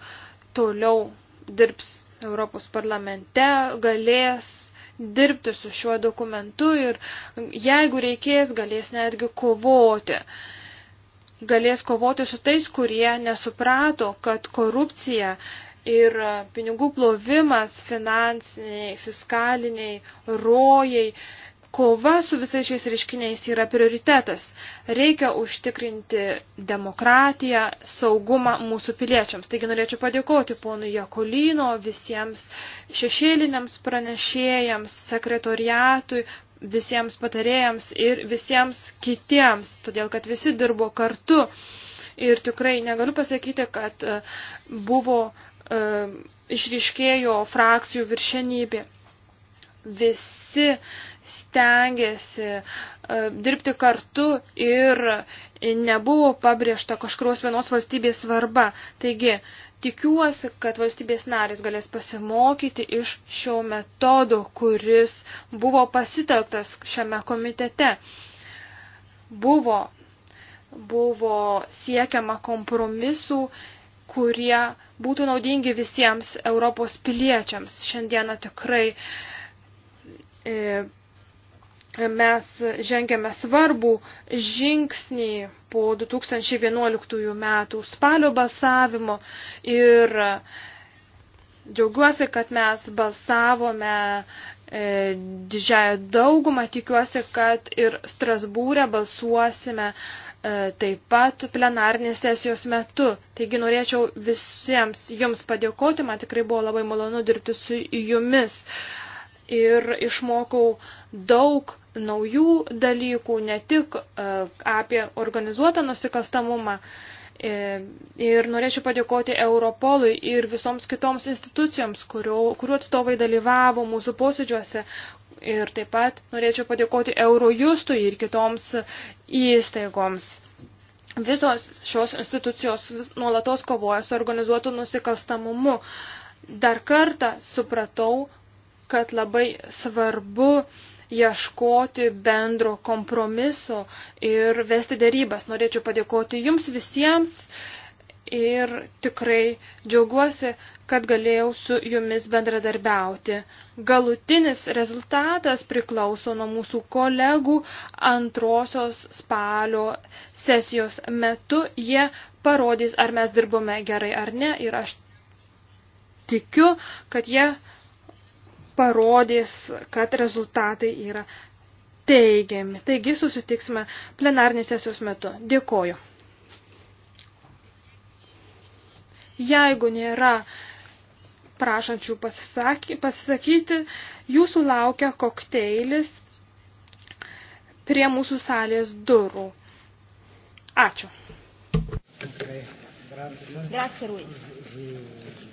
toliau dirbs Europos parlamente, galės dirbti su šiuo dokumentu ir jeigu reikės, galės netgi kovoti. Galės kovoti su tais, kurie nesuprato, kad korupcija ir pinigų plovimas, finansiniai, fiskaliniai, rojai, kova su visais šiais reiškiniais yra prioritetas. Reikia užtikrinti demokratiją, saugumą mūsų piliečiams. Taigi norėčiau padėkoti ponui Jakolino, visiems šešėliniams pranešėjams, sekretoriatui, visiems patarėjams ir visiems kitiems, todėl kad visi dirbo kartu. Ir tikrai negaliu pasakyti, kad e, buvo E, išryškėjo frakcijų viršenybė. Visi stengiasi e, dirbti kartu ir nebuvo pabrėžta kažkurios vienos valstybės svarba. Taigi, tikiuosi, kad valstybės narės galės pasimokyti iš šio metodo, kuris buvo pasitelktas šiame komitete. Buvo buvo siekiama kompromisų kurie būtų naudingi visiems Europos piliečiams. Šiandieną tikrai e, mes žengėme svarbų žingsnį po 2011 metų spalio balsavimo ir džiaugiuosi, kad mes balsavome e, didžiąją daugumą, tikiuosi, kad ir Strasbūrė balsuosime E, taip pat plenarnės sesijos metu. Taigi norėčiau visiems jums padėkoti, man tikrai buvo labai malonu dirbti su jumis ir išmokau daug naujų dalykų, ne tik e, apie organizuotą nusikalstamumą. E, ir norėčiau padėkoti Europolui ir visoms kitoms institucijoms, kurių, kurių atstovai dalyvavo mūsų posėdžiuose, Ir taip pat norėčiau padėkoti Eurojustui ir kitoms įstaigoms. Visos šios institucijos nuolatos kovoja su organizuotu nusikalstamumu. Dar kartą supratau, kad labai svarbu ieškoti bendro kompromiso ir vesti dėrybas. Norėčiau padėkoti jums visiems ir tikrai džiaugiuosi, kad galėjau su jumis bendradarbiauti. Galutinis rezultatas priklauso nuo mūsų kolegų antrosios spalio sesijos metu. Jie parodys, ar mes dirbome gerai ar ne ir aš tikiu, kad jie parodys, kad rezultatai yra teigiami. Taigi susitiksime plenarnės sesijos metu. Dėkoju. Jeigu nėra prašančių pasisakyti, jūsų laukia kokteilis prie mūsų salės durų. Ačiū. Grazie, Grazie Rui.